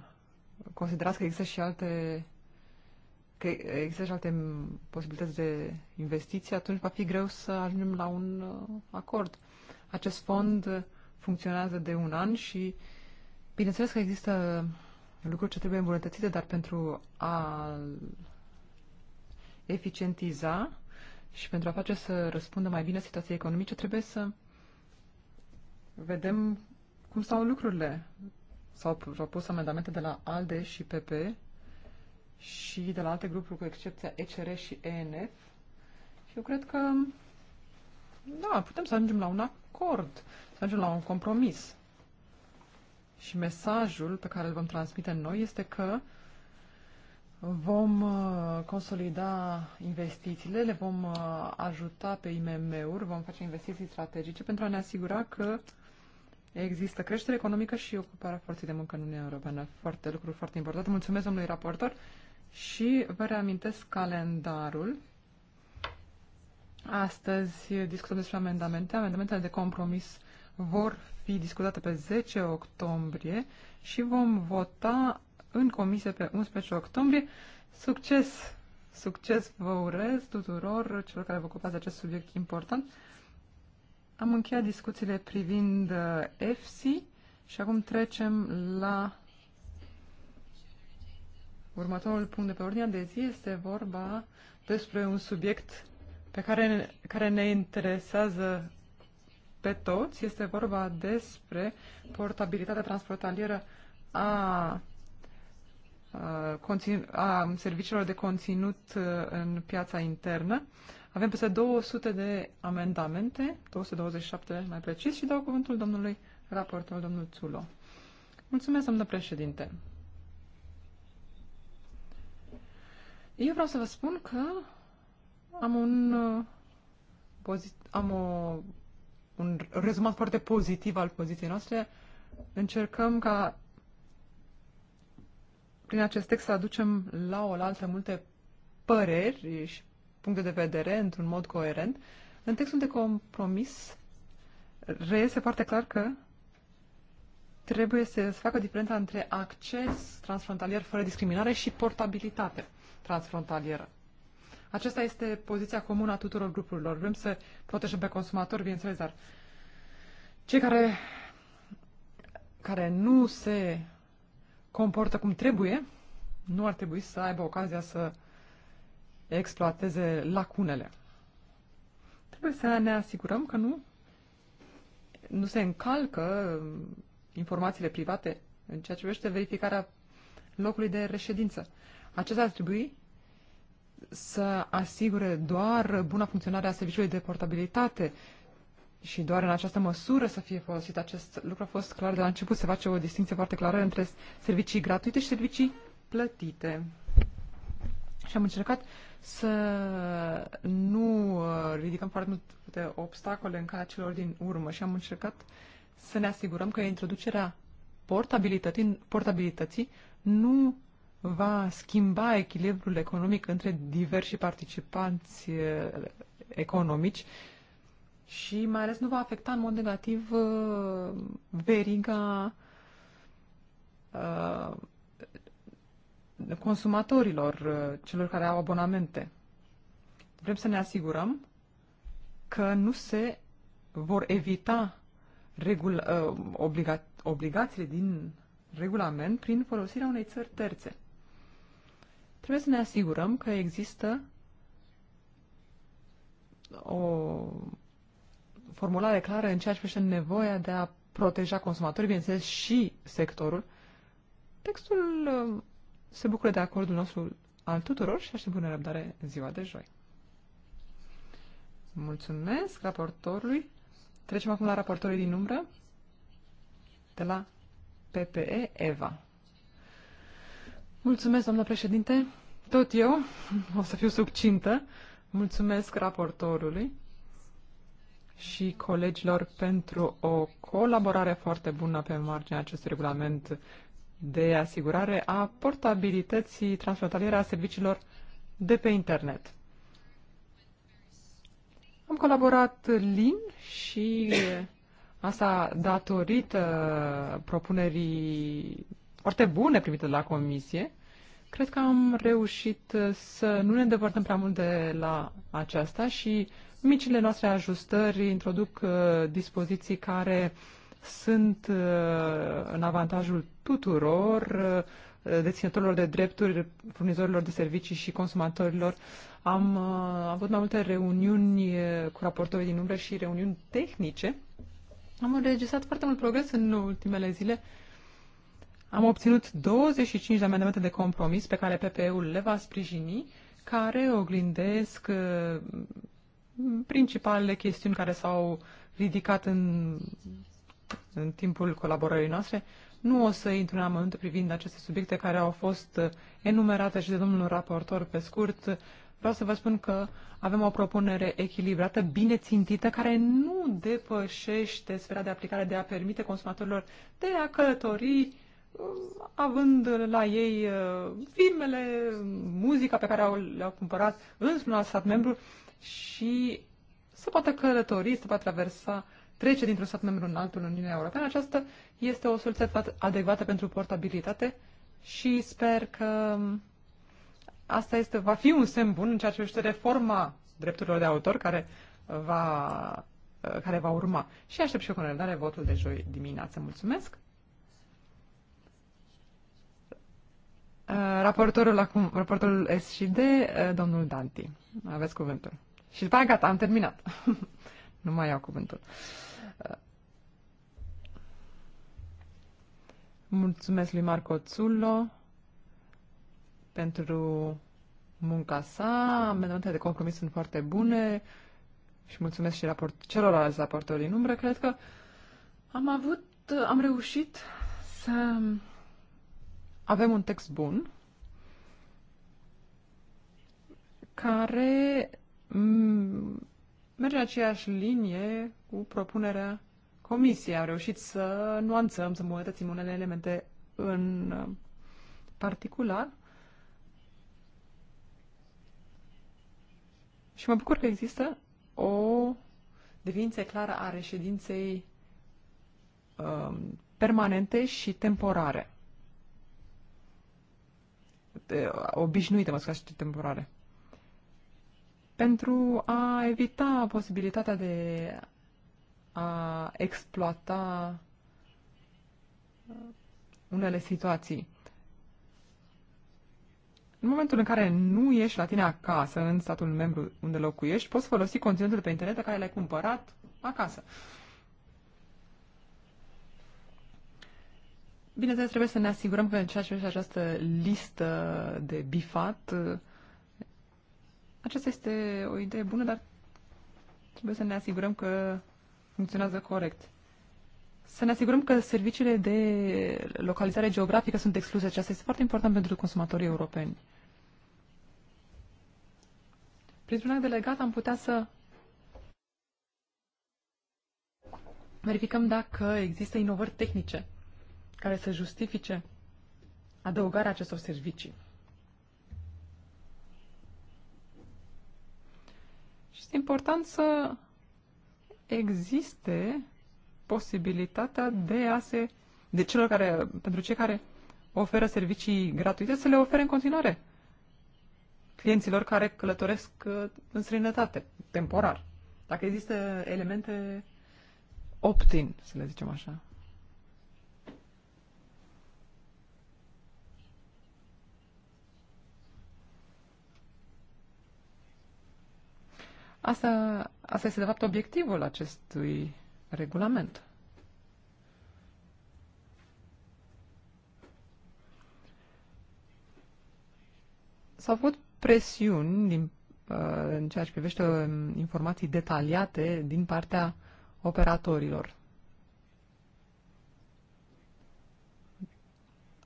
considerați că există și alte că există și alte posibilități de investiții, atunci va fi greu să ajungem la un uh, acord. Acest fond funcționează de un an și bineînțeles că există lucruri ce trebuie îmbunătățite, dar pentru a eficientiza și pentru a face să răspundă mai bine situației economice, trebuie să vedem cum stau lucrurile s-au propus amendamente de la ALDE și PP și de la alte grupuri cu excepția ECR și ENF. Și eu cred că da, putem să ajungem la un acord, să ajungem la un compromis. Și mesajul pe care îl vom transmite noi este că vom uh, consolida investițiile, le vom uh, ajuta pe IMM-uri, vom face investiții strategice pentru a ne asigura că uh, Există creștere economică și ocuparea forței de muncă în Uniunea Europeană. Foarte lucruri foarte importante. Mulțumesc domnului raportor și vă reamintesc calendarul. Astăzi discutăm despre amendamente. Amendamentele de compromis vor fi discutate pe 10 octombrie și vom vota în comisie pe 11 octombrie. Succes! Succes vă urez tuturor celor care vă ocupați de acest subiect important. Am încheiat discuțiile privind EFSI uh, și acum trecem la următorul punct de pe ordinea de zi. Este vorba despre un subiect pe care, care ne interesează pe toți. Este vorba despre portabilitatea transfrontalieră a uh, a serviciilor de conținut uh, în piața internă. Avem peste 200 de amendamente, 227 mai precis, și dau cuvântul domnului raportor, domnul Țulo. Mulțumesc, domnule președinte. Eu vreau să vă spun că am un, uh, am o, uh, un rezumat foarte pozitiv al poziției noastre. Încercăm ca prin acest text să aducem la oaltă multe păreri și puncte de vedere într-un mod coerent. În textul de compromis reiese foarte clar că trebuie să se facă diferența între acces transfrontalier fără discriminare și portabilitate transfrontalieră. Aceasta este poziția comună a tuturor grupurilor. Vrem să protejăm pe consumatori, bineînțeles, dar cei care, care nu se comportă cum trebuie, nu ar trebui să aibă ocazia să exploateze lacunele. Trebuie să ne asigurăm că nu, nu se încalcă mm, informațiile private în ceea ce privește verificarea locului de reședință. Acesta ar trebui să asigure doar buna funcționare a serviciului de portabilitate și doar în această măsură să fie folosit acest lucru a fost clar de la început. Se face o distinție foarte clară între servicii gratuite și servicii plătite. Și am încercat să nu uh, ridicăm foarte multe obstacole în calea celor din urmă și am încercat să ne asigurăm că introducerea portabilității, portabilității nu va schimba echilibrul economic între diversi participanți uh, economici și mai ales nu va afecta în mod negativ uh, veriga consumatorilor, uh, celor care au abonamente. Vrem să ne asigurăm că nu se vor evita regul, uh, obliga, obligațiile din regulament prin folosirea unei țări terțe. Trebuie să ne asigurăm că există o formulare clară în ceea ce privește nevoia de a proteja consumatorii, bineînțeles, și sectorul. Textul uh, se bucură de acordul nostru al tuturor și aștept răbdare în ziua de joi. Mulțumesc raportorului. Trecem acum la raportorii din umbră de la PPE Eva. Mulțumesc, doamnă președinte. Tot eu o să fiu subcintă. Mulțumesc raportorului și colegilor pentru o colaborare foarte bună pe marginea acestui regulament de asigurare a portabilității transfrontaliere a serviciilor de pe internet. Am colaborat lin și asta datorită propunerii foarte bune primite de la comisie. Cred că am reușit să nu ne îndepărtăm prea mult de la aceasta și micile noastre ajustări introduc uh, dispoziții care uh, sunt uh, în avantajul tuturor uh, deținătorilor de drepturi, furnizorilor de servicii și consumatorilor. Am uh, avut mai multe reuniuni cu raportorii din umbră și reuniuni tehnice. Am înregistrat foarte mult progres în ultimele zile. Am obținut 25 de amendamente de compromis pe care PPE-ul le va sprijini, care oglindesc principalele chestiuni care s-au ridicat în în timpul colaborării noastre. Nu o să intru în amănunt privind aceste subiecte care au fost uh, enumerate și de domnul raportor pe scurt. Vreau să vă spun că avem o propunere echilibrată, bine țintită, care nu depășește sfera de aplicare de a permite consumatorilor de a călători uh, având la ei uh, filmele, muzica pe care au, le-au cumpărat într-un alt stat membru și să poată călători, să poată traversa trece dintr-un stat membru în altul în Uniunea Europeană, aceasta este o soluție adecvată pentru portabilitate și sper că asta este, va fi un semn bun în ceea ce privește reforma drepturilor de autor care va, care va urma. Și aștept și eu cu nerăbdare votul de joi dimineață. Mulțumesc! Raportorul, acum, raportorul S și D, domnul Danti. Aveți cuvântul. Și după gata, am terminat. nu mai iau cuvântul. Uh, Mulțumesc lui Marco Zullo pentru munca sa. Amendamentele de compromis sunt foarte bune și mulțumesc și raport, celorlalți raportori din umbră. Cred că am avut, am reușit să avem un text bun care merge în aceeași linie cu propunerea comisie. a reușit să nuanțăm, să îmbunătățim unele elemente în uh, particular. Și mă bucur că există o devință clară a reședinței um, permanente și temporare. De, uh, obișnuite, mă scuzați, temporare. Pentru a evita posibilitatea de a exploata unele situații. În momentul în care nu ești la tine acasă, în statul membru unde locuiești, poți folosi conținutul pe internet pe care l-ai cumpărat acasă. Bineînțeles, trebuie să ne asigurăm că în ceea ce privește această listă de bifat, aceasta este o idee bună, dar trebuie să ne asigurăm că funcționează corect. Să ne asigurăm că serviciile de localizare geografică sunt excluse. Aceasta este foarte important pentru consumatorii europeni. Printr-un act delegat am putea să verificăm dacă există inovări tehnice care să justifice adăugarea acestor servicii. Și este important să existe posibilitatea de a se, de celor care, pentru cei care oferă servicii gratuite, să le ofere în continuare clienților care călătoresc uh, în străinătate, temporar. Dacă există elemente opt-in, să le zicem așa. Asta, asta este, de fapt, obiectivul acestui regulament. S-au făcut presiuni din, uh, în ceea ce privește um, informații detaliate din partea operatorilor.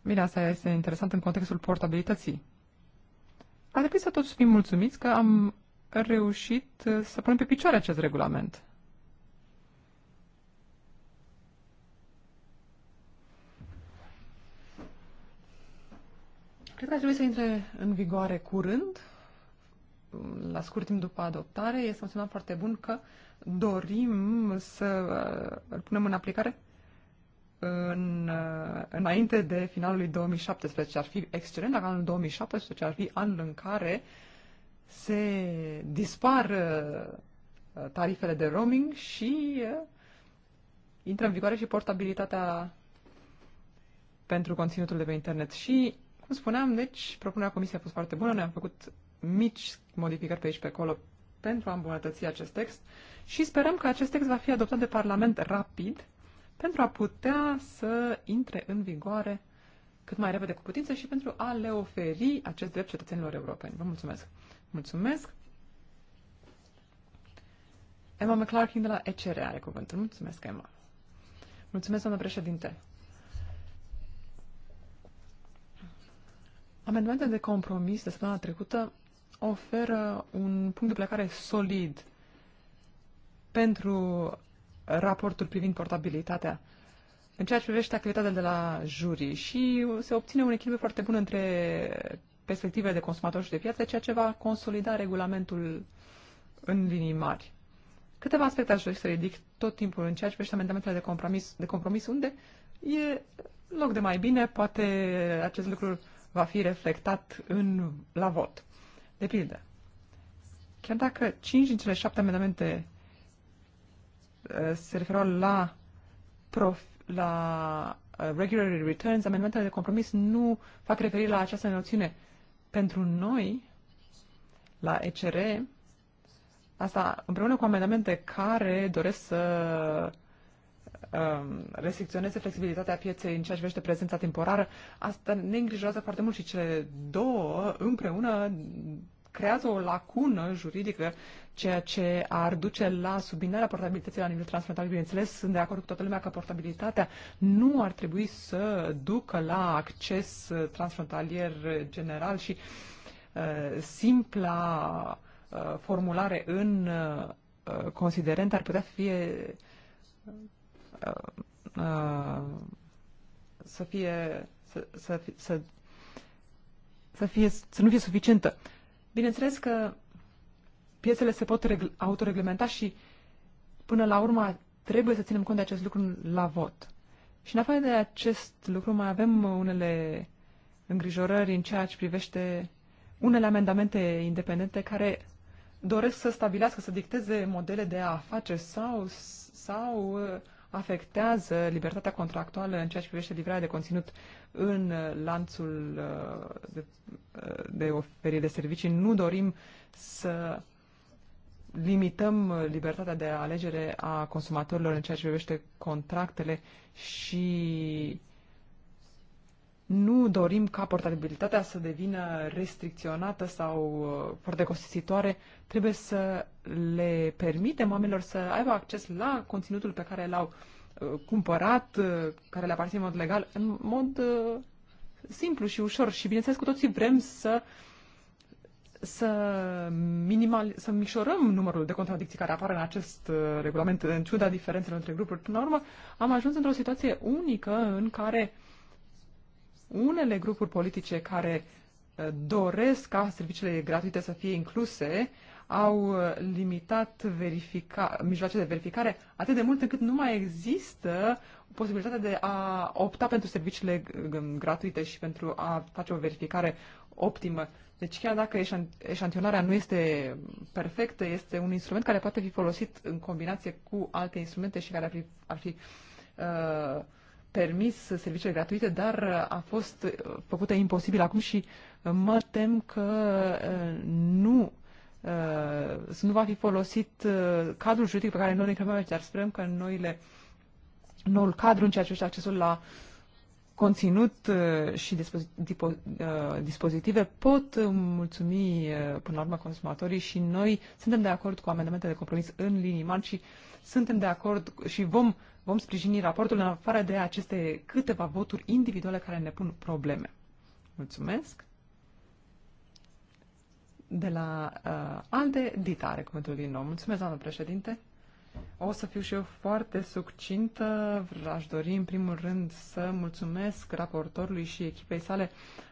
Bine, asta este interesant în contextul portabilității. Ar trebui să toți fim mulțumiți că am reușit uh, să punem pe picioare acest regulament. Cred că ar trebui să intre în vigoare curând, la scurt timp după adoptare. Este un semnal foarte bun că dorim să uh, îl punem în aplicare în, uh, înainte de finalul 2017. Ar fi excelent dacă anul 2017 ar fi anul în care uh, se dispar uh, tarifele de roaming și uh, intră în vigoare și portabilitatea pentru conținutul de pe internet. Și, cum spuneam, deci, propunerea comisiei a fost foarte bună, ne-am făcut mici modificări pe aici pe acolo pentru a îmbunătăți acest text și sperăm că acest text va fi adoptat de Parlament rapid pentru a putea să intre în vigoare cât mai repede cu putință și pentru a le oferi acest drept cetățenilor europeni. Vă mulțumesc! Mulțumesc. Emma McClarkin de la ECR are cuvântul. Mulțumesc, Emma. Mulțumesc, doamnă președinte. Amendamentele de compromis de săptămâna trecută oferă un punct de plecare solid pentru raportul privind portabilitatea în ceea ce privește activitatea de la jurii și se obține un echilibru foarte bun între perspective de consumator și de piață, ceea ce va consolida regulamentul în linii mari. Câteva aspecte aș dori să ridic tot timpul în ceea ce privește amendamentele de compromis, de compromis, unde e loc de mai bine, poate acest lucru va fi reflectat în, la vot. De pildă, chiar dacă 5 din cele 7 amendamente uh, se referau la, prof, la uh, regular returns, amendamentele de compromis nu fac referire la această noțiune. Pentru noi, la ECR, asta împreună cu amendamente care doresc să um, restricționeze flexibilitatea pieței în ceea ce privește prezența temporară, asta ne îngrijorează foarte mult și cele două împreună creează o lacună juridică, ceea ce ar duce la subminarea portabilității la nivel transfrontal. Bineînțeles, sunt de acord cu toată lumea că portabilitatea nu ar trebui să ducă la acces transfrontalier general și uh, simpla uh, formulare în uh, considerent ar putea fi uh, uh, să fie să, să, să, să, fie, să nu fie suficientă. Bineînțeles că piețele se pot autoreglementa și până la urmă trebuie să ținem cont de acest lucru la vot. Și în afară de acest lucru mai avem unele îngrijorări în ceea ce privește unele amendamente independente care doresc să stabilească, să dicteze modele de afaceri sau, sau afectează libertatea contractuală în ceea ce privește livrarea de conținut în uh, lanțul uh, de, uh, de oferire de servicii. Nu dorim să limităm libertatea de alegere a consumatorilor în ceea ce privește contractele și nu dorim ca portabilitatea să devină restricționată sau uh, foarte costisitoare, trebuie să le permitem oamenilor să aibă acces la conținutul pe care l-au uh, cumpărat, uh, care le aparține în mod legal, în mod simplu și ușor. Și bineînțeles cu toții vrem să să, minimal, să micșorăm numărul de contradicții care apar în acest regulament, în ciuda diferențelor între grupuri. Până la urmă, am ajuns într-o situație unică în care uh, unele grupuri politice care uh, doresc ca serviciile gratuite să fie incluse au uh, limitat verifica, mijloacele de verificare atât de mult încât nu mai există posibilitatea de a opta pentru serviciile gratuite și pentru a face o verificare optimă. Deci chiar dacă eșantionarea nu este perfectă, este un instrument care poate fi folosit în combinație cu alte instrumente și care ar fi, ar fi uh, permis serviciile gratuite, dar uh, a fost uh, făcută imposibil acum și uh, mă tem că nu nu va fi folosit cadrul juridic pe care noi ne creăm dar sperăm că noile, noul cadru în ceea ce privește accesul la conținut și dispozitive pot mulțumi până la urmă consumatorii și noi suntem de acord cu amendamentele de compromis în linii mari și suntem de acord și vom vom sprijini raportul în afară de aceste câteva voturi individuale care ne pun probleme. Mulțumesc! De la uh, ALDE, Dita are cuvântul din nou. Mulțumesc, doamnă președinte! O să fiu și eu foarte succintă. Aș dori, în primul rând, să mulțumesc raportorului și echipei sale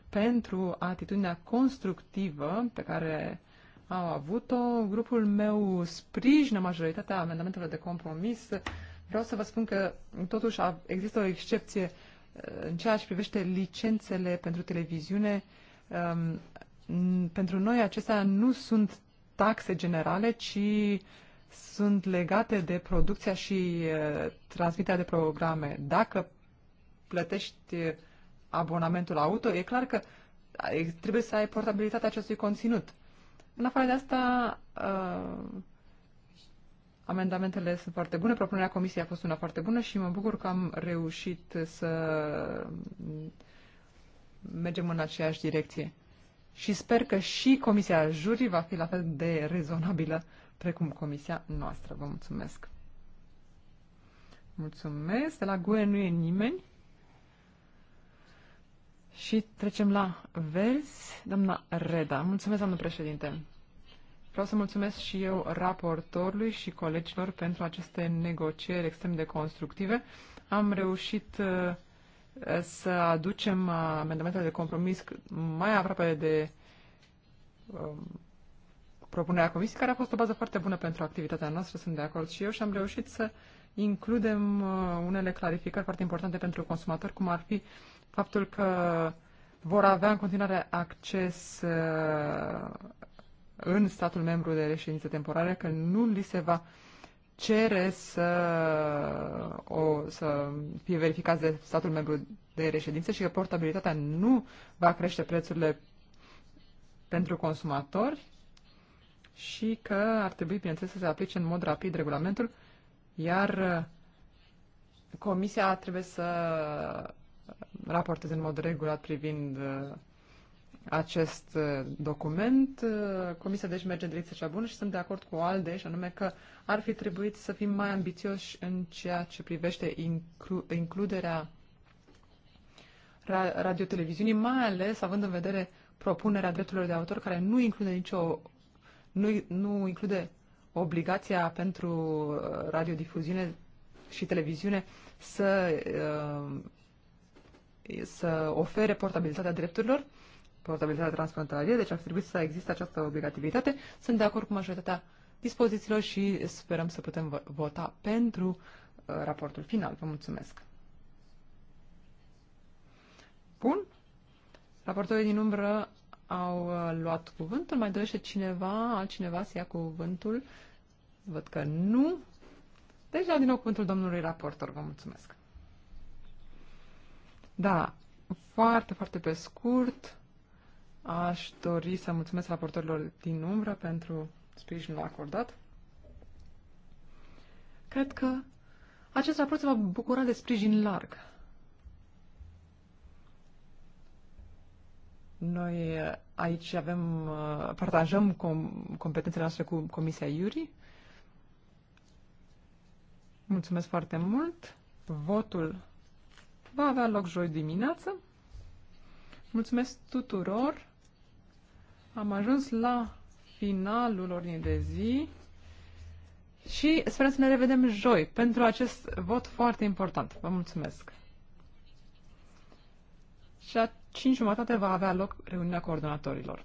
pentru atitudinea constructivă pe care au avut-o. Grupul meu sprijină majoritatea amendamentelor de compromis Vreau să vă spun că totuși există o excepție uh, în ceea ce privește licențele pentru televiziune. Um, pentru noi acestea nu sunt taxe generale, ci sunt legate de producția și uh, transmiterea de programe. Dacă plătești abonamentul auto, e clar că trebuie să ai portabilitatea acestui conținut. În afară de asta, uh, Amendamentele sunt foarte bune, propunerea comisiei a fost una foarte bună și mă bucur că am reușit să mergem în aceeași direcție. Și sper că și comisia jurii va fi la fel de rezonabilă precum comisia noastră. Vă mulțumesc! Mulțumesc! De la GUE nu e nimeni. Și trecem la verzi. Doamna Reda. Mulțumesc, doamnă președinte! Vreau să mulțumesc și eu raportorului și colegilor pentru aceste negocieri extrem de constructive. Am reușit uh, să aducem amendamentele de compromis mai aproape de um, propunerea comisiei, care a fost o bază foarte bună pentru activitatea noastră, sunt de acord și eu, și am reușit să includem uh, unele clarificări foarte importante pentru consumatori, cum ar fi faptul că vor avea în continuare acces uh, în statul membru de reședință temporară că nu li se va cere să, o, să fie verificați de statul membru de reședință și că portabilitatea nu va crește prețurile pentru consumatori și că ar trebui, bineînțeles, să se aplice în mod rapid regulamentul, iar uh, Comisia trebuie să raporteze în mod regulat privind uh, acest uh, document. Uh, Comisia deci merge în direcția cea bună și sunt de acord cu ALDE și anume că ar fi trebuit să fim mai ambițioși în ceea ce privește inclu- includerea radioteleviziunii, mai ales având în vedere propunerea drepturilor de autor care nu include nicio nu, nu include obligația pentru uh, radiodifuziune și televiziune să să ofere portabilitatea drepturilor portabilitatea transfrontalierie, deci ar trebui să existe această obligativitate. Sunt de acord cu majoritatea dispozițiilor și sperăm să putem vota pentru uh, raportul final. Vă mulțumesc! Bun. Raportorii din umbră au uh, luat cuvântul. Mai dorește cineva, altcineva să ia cuvântul? Văd că nu. Deci la din nou cuvântul domnului raportor. Vă mulțumesc. Da, foarte, foarte pe scurt. Aș dori să mulțumesc raportorilor din umbră pentru sprijinul acordat. Cred că acest raport se va bucura de sprijin larg. Noi eh, aici avem, eh, partajăm com- competențele noastre cu Comisia Iuri. Mulțumesc foarte mult. Votul va avea loc joi dimineață. Mulțumesc tuturor am ajuns la finalul ordinii de zi și sper să ne revedem joi pentru acest vot foarte important. Vă mulțumesc! Și a 5 jumătate va avea loc reuniunea coordonatorilor.